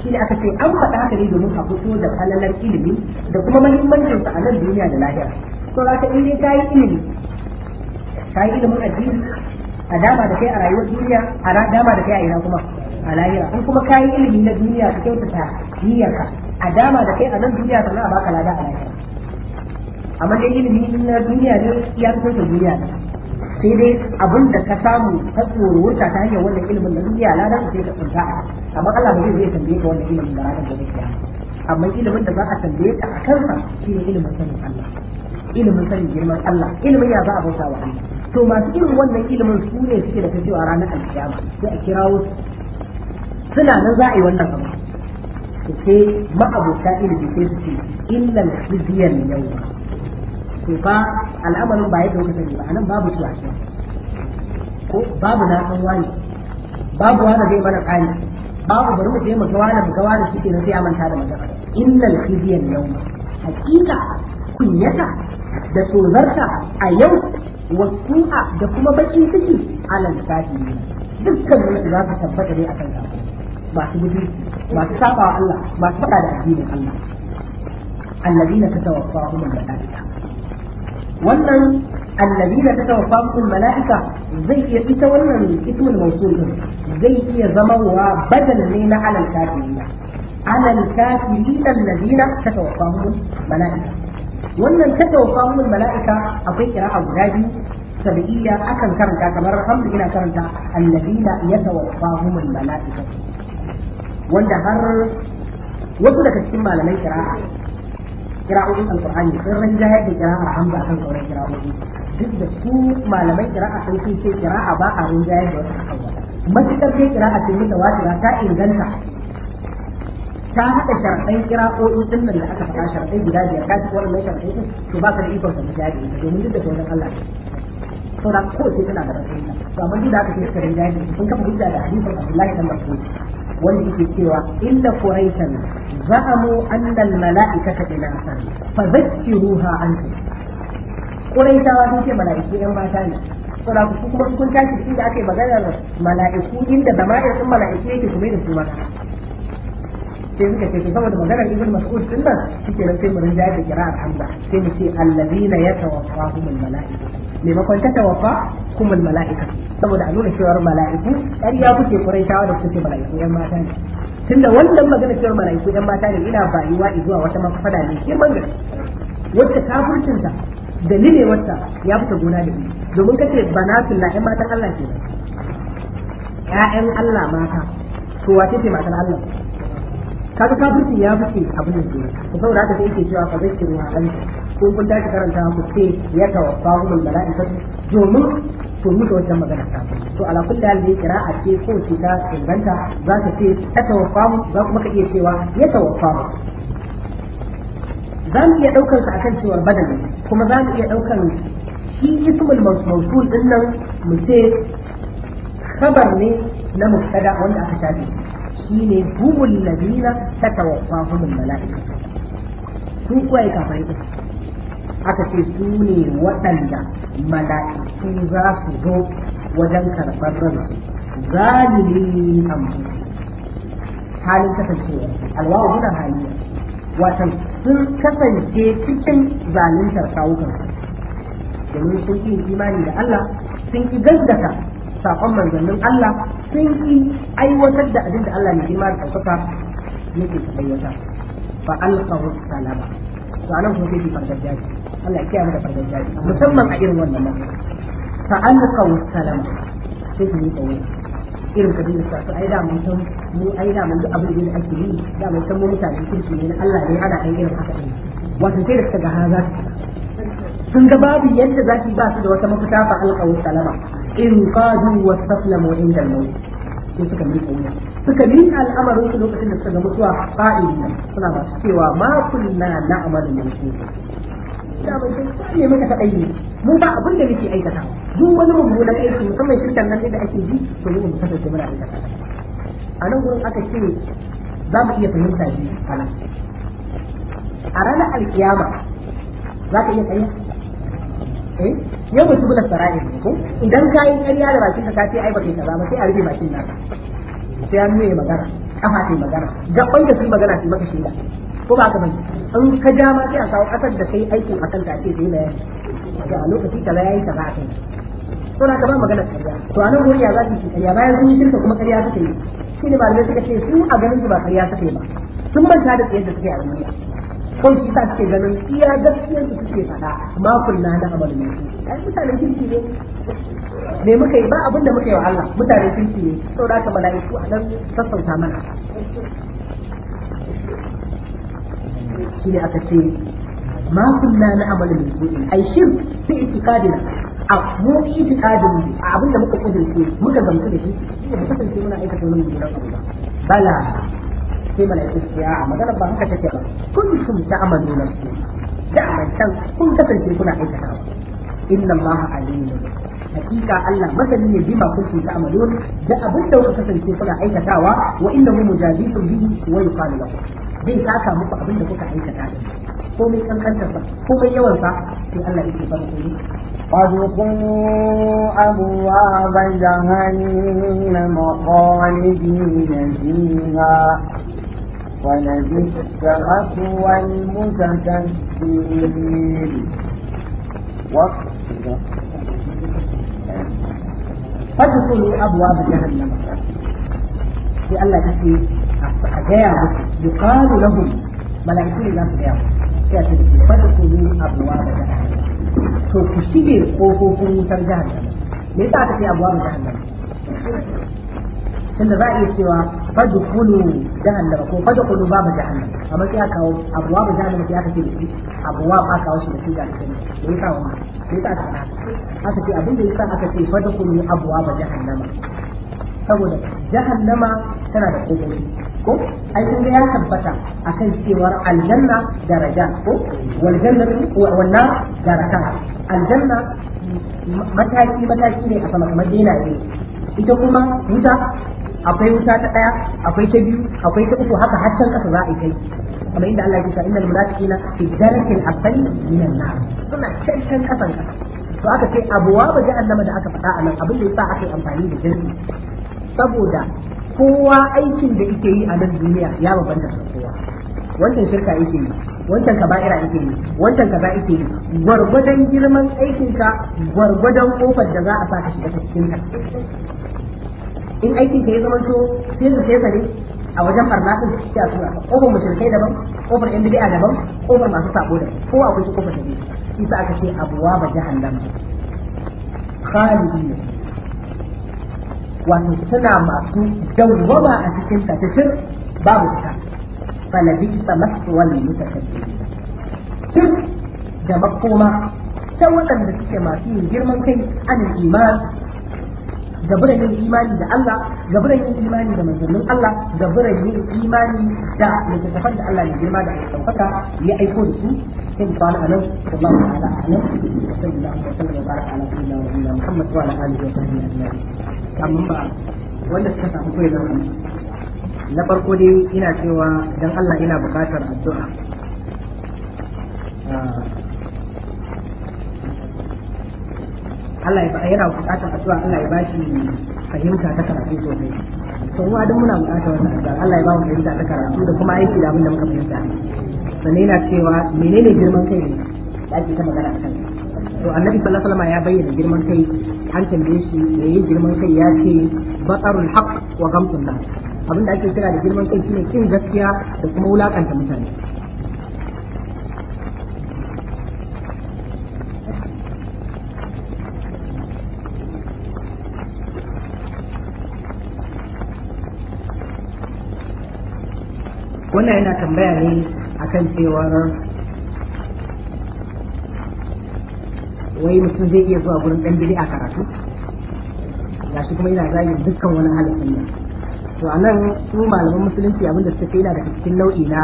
Speaker 2: shi ne aka ce an faɗa haka ne domin a fito da falalar ilimi da kuma mahimmancinsa sa a nan duniya da lahira to za ka in dai yi ilimi yi ilimin addini a dama da kai a rayuwar duniya a dama da kai a ina kuma a lahira in kuma kayi ilimi na duniya ka kyautata niyyarka a dama da kai a nan duniya sannan a baka lada a lahira amma dai ilimi na duniya ne ya fi kyauta duniya sai dai abin da ka samu ka wuta ta hanyar wannan ilimin na duniya ladan sai ka tsunta amma Allah ba zai tambaye ka wannan ilimin da ranar zai kiyama amma ilimin da za a tambaye ka a kansa shi ne ilimin sanin Allah ilimin sanin girman Allah ilimin ya za a bauta wa Allah to masu irin wannan ilimin su ne suke da kafiwa ranar alkiyama sai a kirawo su suna nan za a yi wannan abu su ce ma'abota ilimi sai su ce illal khizyal yau to fa al'amarin ba yadda kuka sani ba anan babu su a ko babu na san wani babu wani zai mana tsani babu bari mu je mu ga wani mu ga wani shi ke na sai amanta da magana illal khizyal yawma hakika kunyata da tozarta a yau wasu'a da kuma bakin ciki alal kafiri dukkan su za su tabbata dai akan ka masu mutunci masu saba wa Allah masu faɗa da addinin Allah alladina tatawaffahum al-malaika wannan alladina tatawaffahum al-malaika zai iya ita wannan ismul mawsul din zai iya zama wa badal ne na alal kafiri alal kafiri alladina tatawaffahum al-malaika wannan ta tawaffa mala'ika akwai kira'a guda biyu sabiyya akan karanta kamar hamdu ina karanta ya alladina yatawaffahumul malaika wanda har wasu daga cikin malaman kira'a kira'o'in alqur'ani sun rinjaye da kira'a hamdu akan sauran kira'o'i duk da su malaman kira'a sun ce kira'a ba a rinjaye da wasu abubuwa matukar dai kira'a ce mutawatira ta inganta Ta haɗa sharɗai kira'o'i ɗin nan da aka faɗa sharɗai guda biyar ka cikin wannan sharɗai ɗin to ba ka da ikon ka jari domin duk da sauran Allah ne saboda ko sai tana da rasu to amma duk da aka ce suka rinjaye sun kafa hujja da hadisin Abdullahi dan Mas'ud wanda yake cewa inda quraitan za'amu anna al-mala'ikata inasa fa zakkiruha anhu quraitawa sun ce mala'iku yan mata ne saboda ku kuma kun tashi inda aka yi maganar mala'iku inda da ma'aikatan mala'iku yake kuma da su mata sai suka ce saboda maganar ibn mas'ud din nan shike nan sai mu rinja da kira'ar hamza sai mu ce alladina yatawaffahum almalaiika maimakon ta tawaffa kuma almalaiika saboda a nuna cewa mala'iku ƙarya kuke kuraitawa da kuke mala'iku yan mata ne tunda wannan magana cewa mala'iku yan mata ne ina bayuwa zuwa wata mafada ne girman gaske wacce kafircinta dalilin wata ya fita gona da ni domin kace banatul la yan matan Allah ke ƴaƴan Allah mata to wace ce matan Allah kaga kafirci ya fice abin da ke to saboda haka sai yake cewa fa zai kirwa an ko kun tashi karanta ku ce ya tawaffahu bil malaika domin ku mutu wannan magana ta to ala kulli hal dai qira'a ce ko shi ta inganta za ta ce ta tawaffahu za kuma ka iya cewa ya tawaffahu za mu iya daukar sa akan cewar badal kuma za mu iya daukar shi ismul mawsul din nan mu ce khabar ne na mubtada wanda aka shafe shi shine humul ladina tatawaffahum malaika su kuwa kafirai aka ce su ne waɗanda mala'iku za su zo wajen karɓar ransu zalimi amsu halin kasancewa alwawu gudan haliya watan sun kasance cikin zaluntar kawukansu domin sun yi imani da Allah sun ki gaggata Saƙon manzannin Allah sun yi aiwatar da abin da Allah mai girma da ɗaukaka yake su aiwata fa alqaw salama to anan kuma sai fargajaji Allah ya kiyaye mu da fargajaji musamman a irin wannan matsala fa alqaw salama sai su yi tsaye irin kabin da su ai da mun san mu ai da mun duk abin da ake yi da mun san mu mutane kirki ne Allah ne ana kai irin haka din wato sai da suka ga haza sun ga babu yadda zaki ba su da wata mafita fa alqaw salama in qadu wastaslamu inda al-maut sai suka miƙa wuya suka miƙa al'amarin su lokacin da suka ga mutuwa fa'ilina suna ba su cewa ma kunna na'malu min shi da bai sai ne muka kadai ne mu ba abin da muke aikata duk wani mummunan aiki musamman shirkan nan da ake ji to mu mu kasance muna aikata a nan gurin aka ce za mu iya fahimta shi a nan a ranar alkiyama za ka iya tsaye eh yau mutu bula sara'in ne ko idan ka yi ƙarya da bakin ka ce ai bakin ka ba sai a rufe bakin naka sai an nuna magana kafa ta magana ga da su magana su maka shaida ko ba ka bai in ka ja ma sai a kawo kasar da kai aikin a kan tace da yana da a lokaci kaza yayi ta ba kai to na ka ba magana ƙarya to a nan wuri ya za su yi ƙarya bayan sun yi shirka kuma ƙarya suka yi shi ne malamai suka ce su a ganin su ba ƙarya yi ba sun manta da tsayar da suke a duniya kun shi ta ce ganin iya gaskiyar su suke faɗa makon na na amal ne ai mutanen kirki ne me muka yi ba abin da muka yi wa Allah mutanen kirki ne sau da aka mala'iku a nan sassauta mana shi ne aka ce makon na amalin mai su ai shin fi itikadina a mu itikadin kadin a abin da muka kudurce muka gamsu da shi ne ba kasance muna aikata wani ba bala sai mana a magana ba haka take ba na ta'maluna da can kun kasance kuna aikatawa inna allaha alimu hakika Allah masani ne bima ta amanu da abin da kuka kasance kuna aikatawa wa innahu mujaditun bihi wa yuqalu lahu zai saka muku abin da kuka aikata mai kankanta sa mai yawan ba sai Allah yake bar ku وادخلوا
Speaker 3: أبواب جهنم خالدين فيها ولبئس مثوى المتكبرين
Speaker 2: فادخلوا أبواب جهنم في الله تكي أجاوب يقال لهم ملائكة لا تجاوب كاتب فادخلوا أبواب جهنم to ku shige ƙofofin wutar jahannama me yasa aka ce abuwa jahannama tunda za a iya cewa fadkhulu jahannama ko kulu ba babu jahannama amma sai aka kawo abwabu jahannama sai aka ce da shi abwab aka kawo shi da shi ga cikin da yasa wa sai ta kana aka ce abin da yasa aka ce kulu fadkhulu abwabu jahannama saboda jahannama tana da kokoki ko ai kun ga ya tabbata akan cewar aljanna daraja ko wal jannatu wannan daraka aljanna mataki mataki ne a sama kamar dena ne ita kuma wuta akwai wuta ta daya akwai ta biyu akwai ta uku haka har can kasa za a kai kamar inda Allah ya ce innal munafiqina fi darkil asfali minan nar suna can can kasan kasa to aka ce abwabu jahannama da aka faɗa a nan abin da yasa aka yi amfani da jinsi saboda kowa aikin da yake yi a nan duniya ya babanta da kowa wancan shirka yake yi wancan kaba'ira yake yi wancan kaza yake yi gwargwadon girman aikinka gwargwadon kofar da za a sa saka shiga cikin in aikin ka ya zama to sai su sai ne a wajen barna din su ta suna kofar mushrikai daban kofar yan bid'a daban kofar masu sabo daban kowa akwai shi kofar tabi shi sa aka ce abuwa ba jahannama khalidina wato suna masu dawwama a cikin ta tashir babu ta falabi ta masu ta mutakaddi tun da makoma ta waɗanda suke masu yin girman kai anin imani gaburan yin imani da Allah gaburan yin imani da manzannin Allah gaburan yin imani da littattafan da Allah ne girma da ɗaukaka ya aiko da su sai mu kwana anan sallallahu ta'ala anan sallallahu da wa sallam wa baraka ala sayyidina wa nabiyina Muhammad wa ala alihi wa sahbihi ajma'in amma ba wanda suka samu koyarwa na farko dai ina cewa don Allah ina buƙatar addu'a ah, Allah ya yana bukatar cewa Allah ya bashi fahimta ta karatu sosai to mu duk muna bukatar wannan addu'a Allah ya ba mu fahimta ta karatu da kuma aiki da abin da muka fahimta sannan yana cewa menene girman kai ne da ake ta magana akan to annabi sallallahu alaihi wasallam ya bayyana girman kai an tambaye shi me yi girman kai ya ce batarul haqq wa gamtun nas abin da ake kira da girman kai shine kin gaskiya da kuma wulakanta mutane wannan yana tambaya ne akan cewar wai mutum zai iya zuwa gurin dan a karatu ga shi kuma yana zagin dukkan wani halin nan to a nan su malaman musulunci abin da suka na daga cikin nau'i na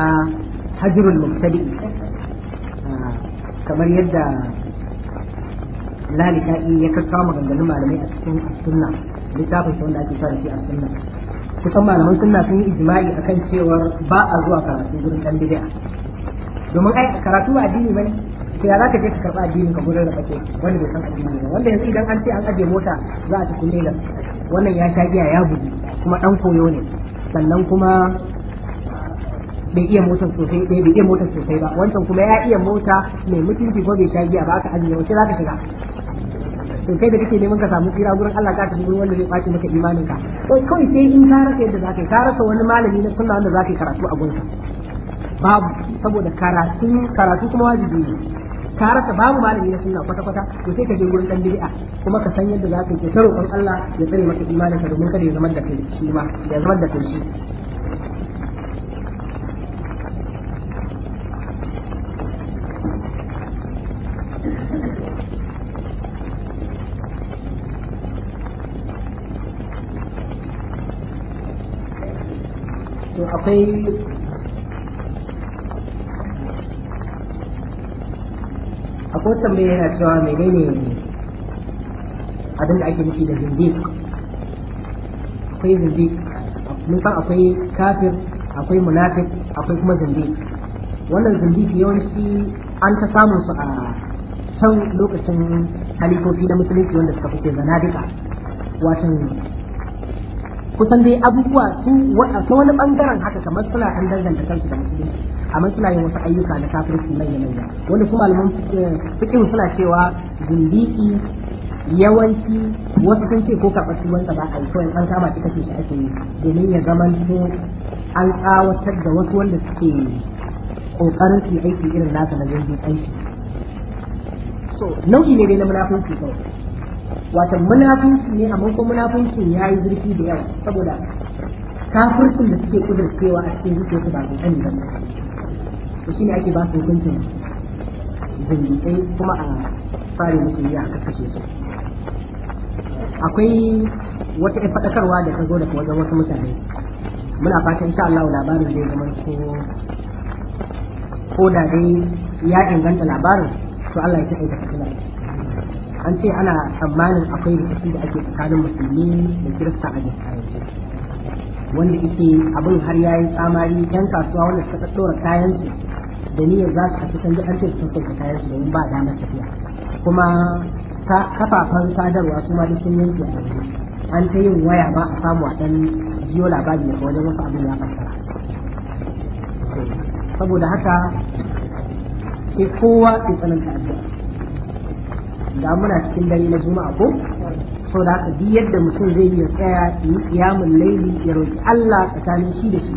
Speaker 2: hajirul mubtadi ah, kamar yadda lalika ya kakkawa maganganun malamai a cikin sunna littafin shi wanda ake sa da shi a sunna kusan malaman sunna sun yi ijma'i akan cewar ba a zuwa karatu gurin dan bid'a domin ai karatu ba addini bane sai za ka je ka karba addini ka gurin da kake wanda bai san addini ba wanda yanzu idan an ce an aje mota za a tafi Lagos wannan ya sha giya ya bugu kuma dan koyo ne sannan kuma bai iya motar sosai bai iya motar sosai ba wancan kuma ya iya mota mai mutunci ko bai sha giya ba aka ajiye wacce za ka shiga in kai da kake neman ka samu tsira gurin Allah ka tafi gurin wanda zai kwace maka imanin ka kai kawai sai in ka rasa yadda zaka ka rasa wani malami na sunna wanda zaka karatu a gurin babu saboda karatu karatu kuma wajibi ne ka rasa babu malami na sunna kwata kwata to sai ka je gurin dan bid'a kuma ka san yadda zaka yi ta roƙon Allah ya tsare maka imanin ka domin kada ya zama da kai shi ma ya zama da kai shi akwai akwai tambaya yana cewa menene abin da ake nufi da zindiq akwai zindiq mun akwai kafir akwai munafik akwai kuma zindi wannan zindiq yawanci an ta samun su a can lokacin halifofi na musulunci wanda suka fice zanadika watan kusan dai abubuwa su ta wani bangaren haka kamar suna an danganta kansu da musulunci amma suna yin wasu ayyuka na kafirci mai manya wanda kuma alamun fikin suna cewa zindiki yawanci wasu sun ce ko karɓar tuwon ba a yi kawai an kama shi kashe shi ake yi domin ya zama an tsawatar da wasu wanda suke kokarin su yi aiki irin nasa na zai aiki so nau'i ne dai na munafunci wata munafunci ne amma kuma munafunci ya yi zurfi da yawa saboda kafircin da suke kudurcewa a cikin su ba zai sani ba to shine ake ba su hukuncin zindiƙai kuma a fare musu ya a su akwai wata ɗan faɗakarwa da ta zo daga wajen wasu mutane muna fatan insha Allah labarin zai zama ko ko da dai ya inganta labarin to Allah ya taƙaita fitilar an ce ana tsammanin akwai rikici da ake tsakanin musulmi da kirista a jihar wanda ake abin har ya yi tsamari yan kasuwa wanda suka tsora kayan su da niyyar za su kasu canji an ce sun sauka kayan su domin ba damar tafiya kuma kafafen sadarwa su ma da sun yanke a yanzu an ta yin waya ba a samu a ɗan jiyo labari daga wajen wasu abin ya fassara saboda haka sai kowa ke tsananta addu'a da muna cikin dare na juma'a ko sau da haka duk yadda mutum zai yi ya tsaya yi kiyamun laili ya roki Allah tsakanin shi da shi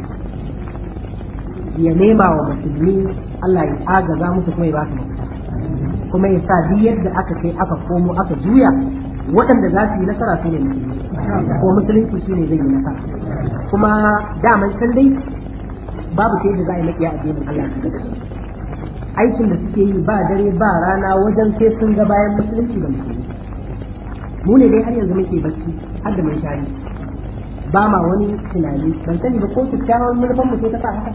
Speaker 2: ya nema wa musulmi Allah ya agaza musu kuma ya ba su mafita kuma ya sa duk yadda aka kai aka komo aka juya waɗanda za su yi nasara su ne musulmi ko musulunci shi ne zai yi nasara kuma daman can dai babu sai da za a yi maƙiya addinin Allah su da shi aikin da suke yi ba dare ba rana wajen sai sun ga bayan musulunci da musulunci mu ne dai har yanzu muke bacci har da mun shari ba ma wani tunani ban sani ba ko kyakkyawan manufan mu sai ta sa haka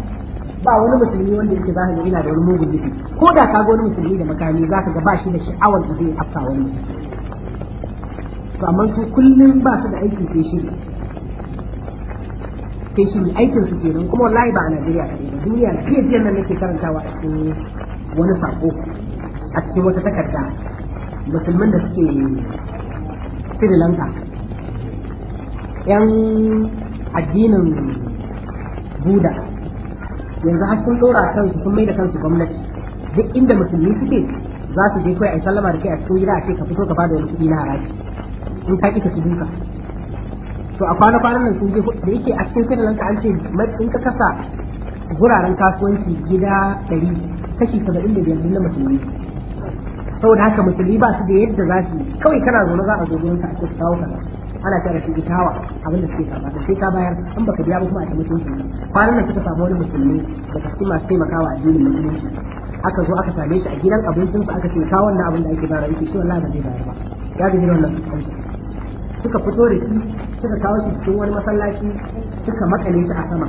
Speaker 2: ba wani musulmi wanda yake zaka ga ina da wani mugun nufi ko da ka ga wani musulmi da makami zaka ga ba shi da sha'awar da zai afka wani to amma su kullum ba su da aikin sai shi sai shi aikin su kenan kuma wallahi ba a Najeriya kadai ba duniya ke jiya nan nake karantawa a cikin wani sako a cikin wata takarda musulman da suke Sri Lanka yan addinin Buda yanzu har sun dora kansu sun mai da kansu gwamnati duk inda musulmi suke za su je kai a sallama da kai a cikin gida a ce ka fito ka bada wani kuɗi na haraji in ka kika su duka to a kwana kwanan nan sun je da yake a cikin Sri Lanka an ce in ka kasa guraren kasuwanci gida ɗari kashi saba'in da biyar na musulmi saboda haka musulmi ba su da yadda za su kawai kana zaune za a zo gurin ka a cikin kawo kaza ana cewa shi gitawa abin da suke karba sai ka bayar an baka biya ba kuma a ta mutunci kwanan da suka samu wani musulmi daga sai masu taimakawa addinin musulunci aka zo aka same shi a gidan abincin sa aka ce kawo wannan abin da ake bayar yake shi wallahi ba zai bayar ba ya ga gidan nan suka fito da shi suka kawo shi cikin wani masallaci suka makale shi a sama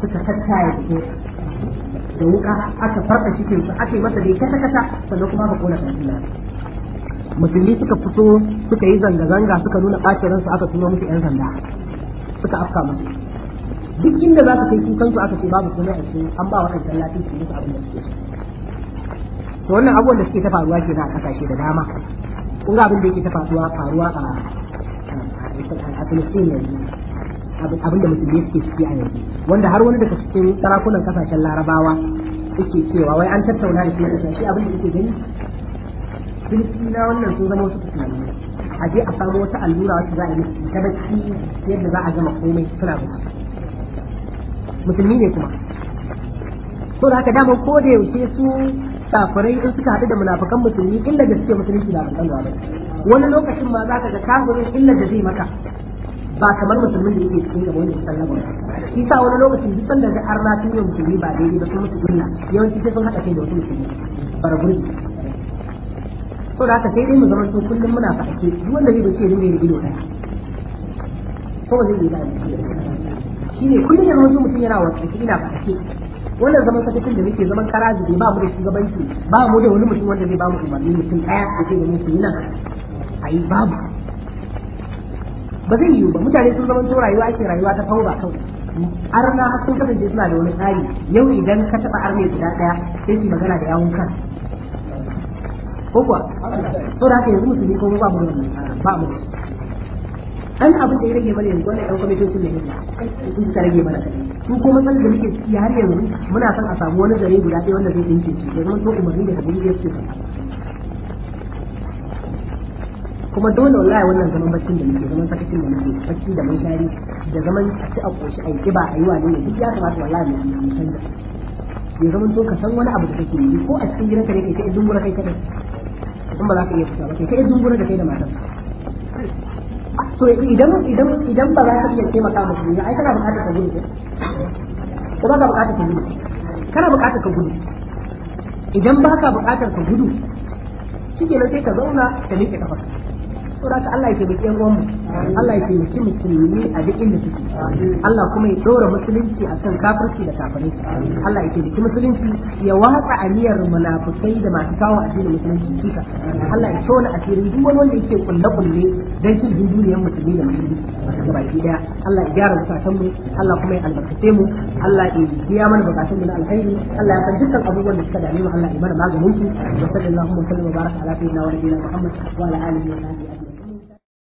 Speaker 2: suka tattaya jikin da wuka aka farka cikin su ake masa dai kasa kasa sannan kuma aka kona kansa musulmi suka fito suka yi zanga-zanga suka nuna bakirin su aka tuno musu 'yan sanda suka afka musu duk inda za ka kai kukan su aka ce babu komai a cikin an ba waɗancan lafiya su musu abin da suke so to wannan abubuwan da suke ta faruwa ke na a ƙasashe da dama kun ga abin da yake ta faruwa faruwa a a Filistin yanzu abin da musulmi suke ciki a yanzu wanda har wani daga cikin sarakunan kasashen larabawa suke cewa wai an tattauna da shi da shi abin da yake gani filifina wannan sun zama wasu tunani a je a samu wata allura wacce za a yi ta bacci yadda za a gama komai suna bacci musulmi ne kuma ko da haka dama ko da yaushe su kafirai in suka haɗu da munafukan musulmi illa da suke musulunci na ban ba wani lokacin ma za ka ga kafirin illa da zai maka ba kamar musulmin da yake cikin gaba wanda ya sallama shi sa wani lokacin duk sanda ga arna tun yau musulmi ba daidai ba sun musu illa yawanci sai sun haɗa kai da wasu musulmi bara gurbi so da haka sai dai mu zama su kullum muna faɗake duk wanda zai bace dinga yin ido ɗaya ko ba zai yi ba shi ne kullum yana wasu mutum yana wasu ina faɗake wannan zaman sakacin da muke zaman karaji bai ba mu da shugabanci ba mu da wani mutum wanda zai ba mu umarni mutum ɗaya a ce da mutum nan a yi babu ba zai yiwu ba mutane sun zama rayuwa ake rayuwa ta fauda kawai arna har sun kasance suna da wani tsari yau idan ka taɓa arne guda ɗaya sai ki magana da yawun kan ko kuwa so da haka yanzu musulmi ko ba mu ba mu an abu da ya rage mana yanzu wannan ɗan kwamitocin da yanzu su ta rage mana su ko matsalar da muke ciki har yanzu muna son a samu wani zare guda sai wanda zai dinke shi ya zama to umarni daga gudu ya ce kuma dole wallahi wannan zaman baccin da muke zaman sakacin da muke bacci da mun shari da zaman a ci a koshi a yi kiba a yi wane ne duk ya kamata wallahi mu canza ya zama to ka san wani abu da kake yi ko a cikin ka ne kai kai dungura kai kadai kuma ba za ka iya fita ba kai kai dungura da kai da matan to idan idan idan ba za ka iya taimaka ma duniya ai kana bukatar ka gudu ko ba ka bukatar ka gudu kana bukatar ka gudu idan ba ka bukatar ka gudu shi ne sai ka zauna ka miƙe kafa saboda Allah ya taimaki yan uwan mu Allah ya taimaki musulmi a duk inda suke Allah kuma ya dora musulunci a kan kafirci da kafirai Allah ya taimaki musulunci ya watsa aniyar munafikai da masu kawo addinin musulunci kika Allah ya tona asirin duk wani wanda yake kulle kulle dan cin duniyar musulmi da musulunci ga baki daya Allah ya gyara bukatun mu Allah kuma ya albarkace mu Allah ya biya mana bukatun mu na alkhairi Allah ya san dukkan abubuwan da suka dame mu Allah ya mana maganin su wa sallallahu alaihi wa sallam wa baraka ala sayyidina wa nabiyina Muhammad wa ala alihi wa sahbihi